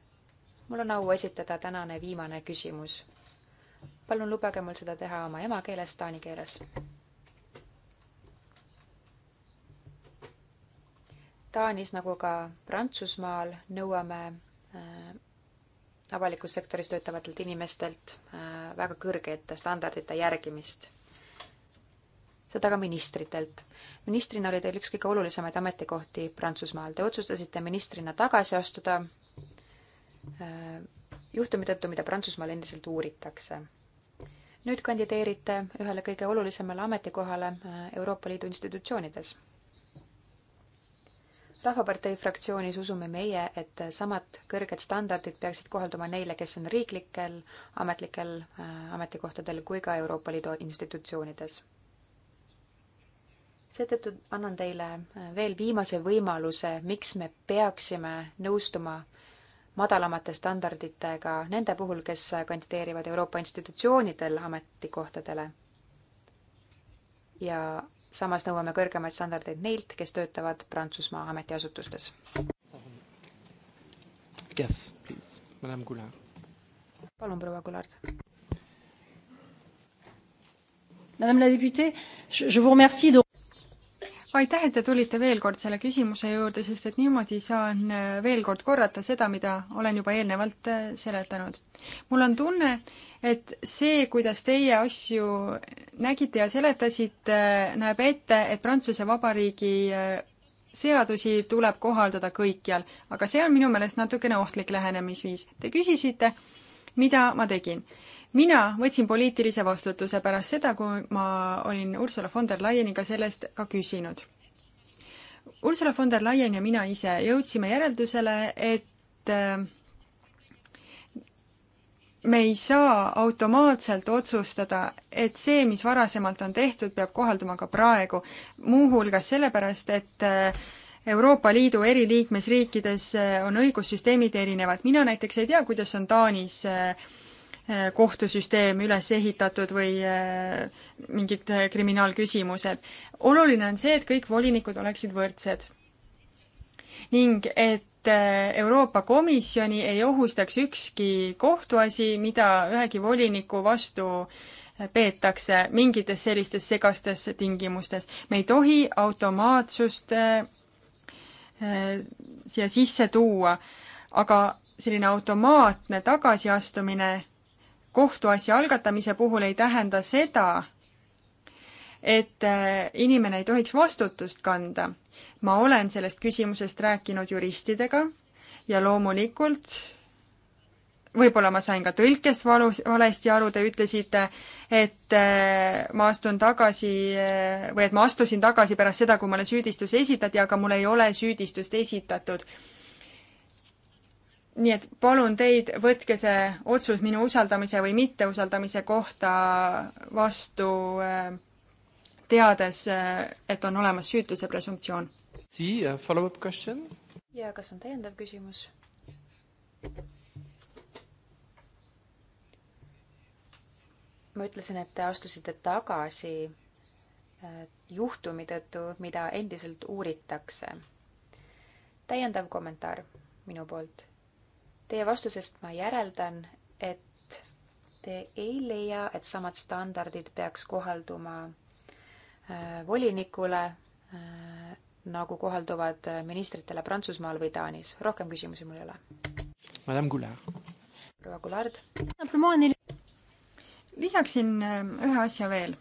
mul on au esitada tänane viimane küsimus. palun lubage mul seda teha oma emakeeles, taani keeles. Taanis nagu ka Prantsusmaal nõuame äh, avalikus sektoris töötavatelt inimestelt äh, väga kõrgete standardite järgimist. seda ka ministritelt. ministrina oli teil üks kõige olulisemaid ametikohti Prantsusmaal. Te otsustasite ministrina tagasi astuda äh, juhtumi tõttu, mida Prantsusmaal endiselt uuritakse. nüüd kandideerite ühele kõige olulisemale ametikohale äh, Euroopa Liidu institutsioonides rahvapartei fraktsioonis usume meie, et samad kõrged standardid peaksid kohalduma neile, kes on riiklikel ametlikel äh, ametikohtadel kui ka Euroopa Liidu institutsioonides. seetõttu annan teile äh, veel viimase võimaluse, miks me peaksime nõustuma madalamate standarditega nende puhul, kes kandideerivad Euroopa institutsioonidel ametikohtadele. ja samas nõuame kõrgemaid standardeid neilt, kes töötavad Prantsusmaa ametiasutustes. Yes, please, madam Goulard. palun, proua Goulard. Madame la députée, je vous remercie de aitäh, et te tulite veel kord selle küsimuse juurde, sest et niimoodi saan äh, veel kord korrata seda, mida olen juba eelnevalt äh, seletanud. mul on tunne, et see, kuidas teie asju nägite ja seletasite, näeb ette, et Prantsuse Vabariigi äh, seadusi tuleb kohaldada kõikjal, aga see on minu meelest natukene ohtlik lähenemisviis. Te küsisite, mida ma tegin mina võtsin poliitilise vastutuse pärast seda, kui ma olin Ursula von der Leyeniga sellest ka küsinud. Ursula von der Leyen ja mina ise jõudsime järeldusele, et äh, me ei saa automaatselt otsustada, et see, mis varasemalt on tehtud, peab kohalduma ka praegu. muuhulgas sellepärast, et äh, Euroopa Liidu eri liikmesriikides äh, on õigussüsteemid erinevad. mina näiteks ei tea, kuidas on Taanis äh, Eh, kohtusüsteem üles ehitatud või eh, mingid eh, kriminaalküsimused. oluline on see, et kõik volinikud oleksid võrdsed. ning et Euroopa Komisjoni ei ohustaks ükski kohtuasi, mida ühegi voliniku vastu peetakse mingites sellistes segastes tingimustes. me ei tohi automaatsust siia sisse tuua, aga selline automaatne tagasiastumine kohtuasja algatamise puhul ei tähenda seda, et äh, inimene ei tohiks vastutust kanda. ma olen sellest küsimusest rääkinud juristidega ja loomulikult võib-olla ma sain ka tõlkest valus, valesti aru, te ütlesite, et äh, ma astun tagasi äh, või et ma astusin tagasi pärast seda, kui mulle süüdistus esitati, aga mul ei ole süüdistust esitatud nii et palun teid, võtke see otsus minu usaldamise või mitteusaldamise kohta vastu äh, teades, äh, et on olemas süütuse presumptsioon. Uh, ja kas on täiendav küsimus? ma ütlesin, et te astusite tagasi äh, juhtumi tõttu, mida endiselt uuritakse. täiendav kommentaar minu poolt Teie vastusest ma järeldan, et te ei leia, et samad standardid peaks kohalduma äh, volinikule, äh, nagu kohalduvad äh, ministritele Prantsusmaal või Taanis. rohkem küsimusi mul ei ole. Madame Goulard. proua Goulard. lisaksin ühe asja veel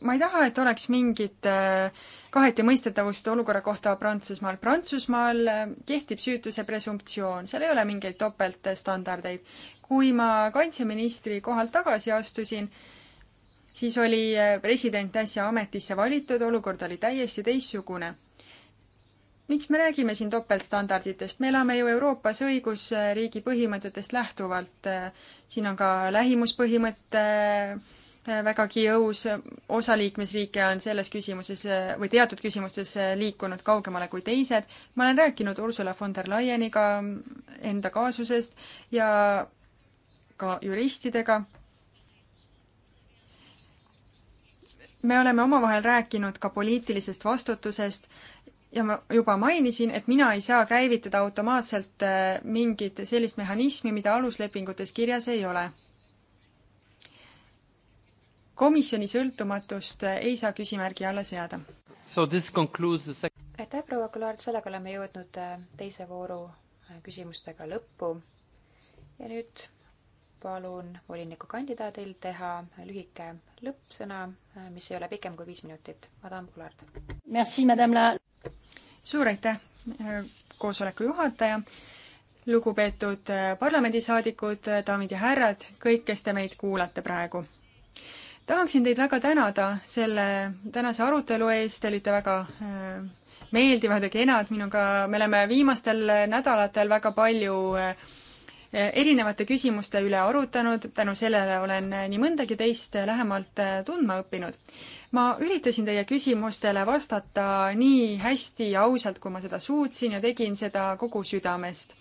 ma ei taha, et oleks mingit äh, kaheti mõistetavust olukorra kohta Prantsusmaal. Prantsusmaal äh, kehtib süütuse presumptsioon, seal ei ole mingeid topeltstandardeid. kui ma kaitseministri kohalt tagasi astusin, siis oli äh, president äsja ametisse valitud, olukord oli täiesti teistsugune. miks me räägime siin topeltstandarditest, me elame ju Euroopas õigusriigi põhimõtetest lähtuvalt. siin on ka lähimuspõhimõte äh, vägagi jõus, osa liikmesriike on selles küsimuses või teatud küsimustes liikunud kaugemale kui teised. ma olen rääkinud Ursula von der Leyeniga enda kaasusest ja ka juristidega. me oleme omavahel rääkinud ka poliitilisest vastutusest ja ma juba mainisin, et mina ei saa käivitada automaatselt mingit sellist mehhanismi, mida aluslepingutes kirjas ei ole komisjoni sõltumatust ei saa küsimärgi alla seada. aitäh, proua Kulaart, sellega oleme jõudnud äh, teise vooru äh, küsimustega lõppu. ja nüüd palun volinikukandidaadil teha lühike lõppsõna, äh, mis ei ole pikem kui viis minutit. Madame Kulaart. suur aitäh, koosoleku juhataja lugupeetud parlamendisaadikud, daamid ja härrad, kõik, kes te meid kuulate praegu tahaksin teid väga tänada selle tänase arutelu eest, te olite väga äh, meeldivad ja kenad minuga, me oleme viimastel nädalatel väga palju äh, erinevate küsimuste üle arutanud, tänu sellele olen nii mõndagi teist lähemalt äh, tundma õppinud. ma üritasin teie küsimustele vastata nii hästi ja ausalt, kui ma seda suutsin ja tegin seda kogu südamest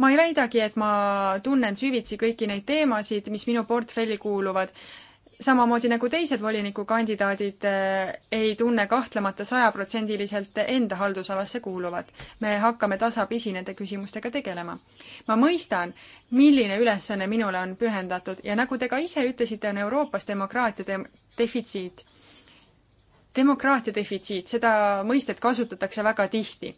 ma ei väidagi, et ma tunnen süvitsi kõiki neid teemasid, mis minu portfelli kuuluvad samamoodi nagu teised volinikukandidaadid eh, ei tunne kahtlemata sajaprotsendiliselt enda haldusalasse kuuluvat. me hakkame tasapisi nende küsimustega tegelema. ma mõistan, milline ülesanne minule on pühendatud ja nagu te ka ise ütlesite, on Euroopas demokraatia de defitsiit. demokraatia defitsiit, seda mõistet kasutatakse väga tihti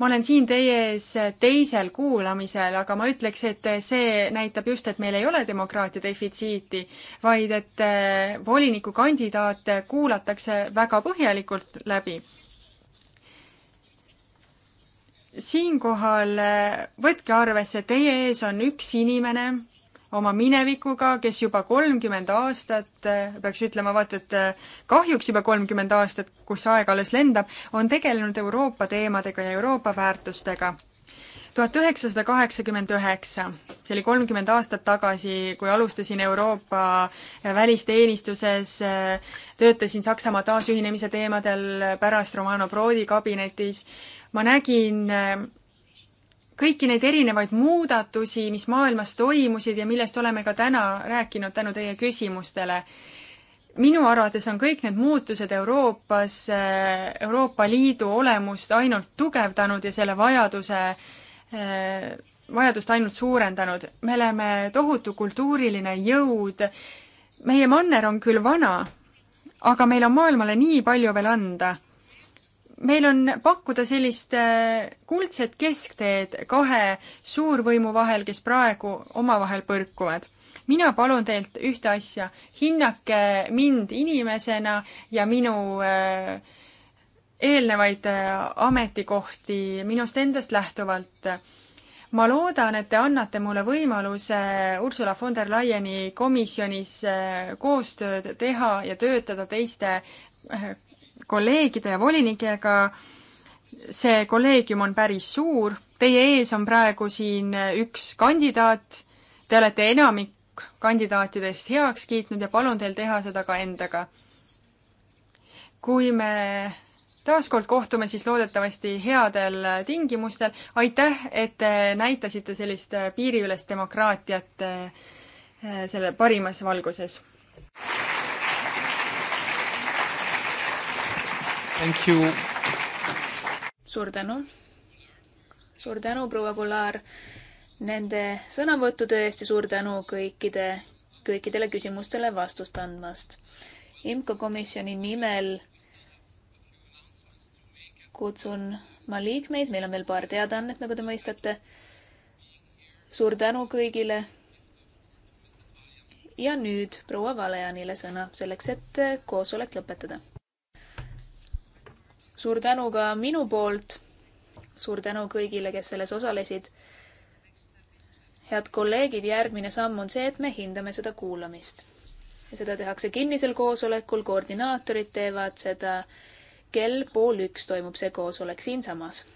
ma olen siin teie ees teisel kuulamisel, aga ma ütleks, et see näitab just, et meil ei ole demokraatia defitsiiti, vaid et eh, volinikukandidaate kuulatakse väga põhjalikult läbi. siinkohal eh, võtke arvesse, teie ees on üks inimene oma minevikuga, kes juba kolmkümmend aastat, peaks ütlema vaata, et kahjuks juba kolmkümmend aastat, kus aeg alles lendab, on tegelenud Euroopa teemadega ja Euroopa väärtustega. tuhat üheksasada kaheksakümmend üheksa, see oli kolmkümmend aastat tagasi, kui alustasin Euroopa välisteenistuses, töötasin Saksamaa taasühinemise teemadel pärast Romano Prodi kabinetis, ma nägin kõiki neid erinevaid muudatusi, mis maailmas toimusid ja millest oleme ka täna rääkinud tänu teie küsimustele. minu arvates on kõik need muutused Euroopas äh, Euroopa Liidu olemust ainult tugevdanud ja selle vajaduse äh, vajadust ainult suurendanud. me oleme tohutu kultuuriline jõud. meie manner on küll vana, aga meil on maailmale nii palju veel anda meil on pakkuda sellist äh, kuldset keskteed kahe suurvõimu vahel, kes praegu omavahel põrkuvad. mina palun teilt ühte asja, hinnake mind inimesena ja minu äh, eelnevaid äh, ametikohti minust endast lähtuvalt. ma loodan, et te annate mulle võimaluse Ursula von der Leyeni komisjonis koostööd teha ja töötada teiste kolleegide ja volinikega, see kolleegium on päris suur, teie ees on praegu siin üks kandidaat, te olete enamik kandidaatidest heaks kiitnud ja palun teil teha seda ka endaga. kui me taaskord kohtume siis loodetavasti headel tingimustel, aitäh, et te näitasite sellist piiriülest demokraatiat eh, selle parimas valguses. suur tänu. suur tänu, proua Kular, nende sõnavõttude eest ja suur tänu kõikide, kõikidele küsimustele vastust andmast. IMCO komisjoni nimel kutsun ma liikmeid, meil on veel paar teadaannet, nagu te mõistate. suur tänu kõigile. ja nüüd proua Valeanile sõna selleks, et koosolek lõpetada suur tänu ka minu poolt. suur tänu kõigile, kes selles osalesid. head kolleegid, järgmine samm on see, et me hindame seda kuulamist. seda tehakse kinnisel koosolekul, koordinaatorid teevad seda kell pool üks toimub see koosolek siinsamas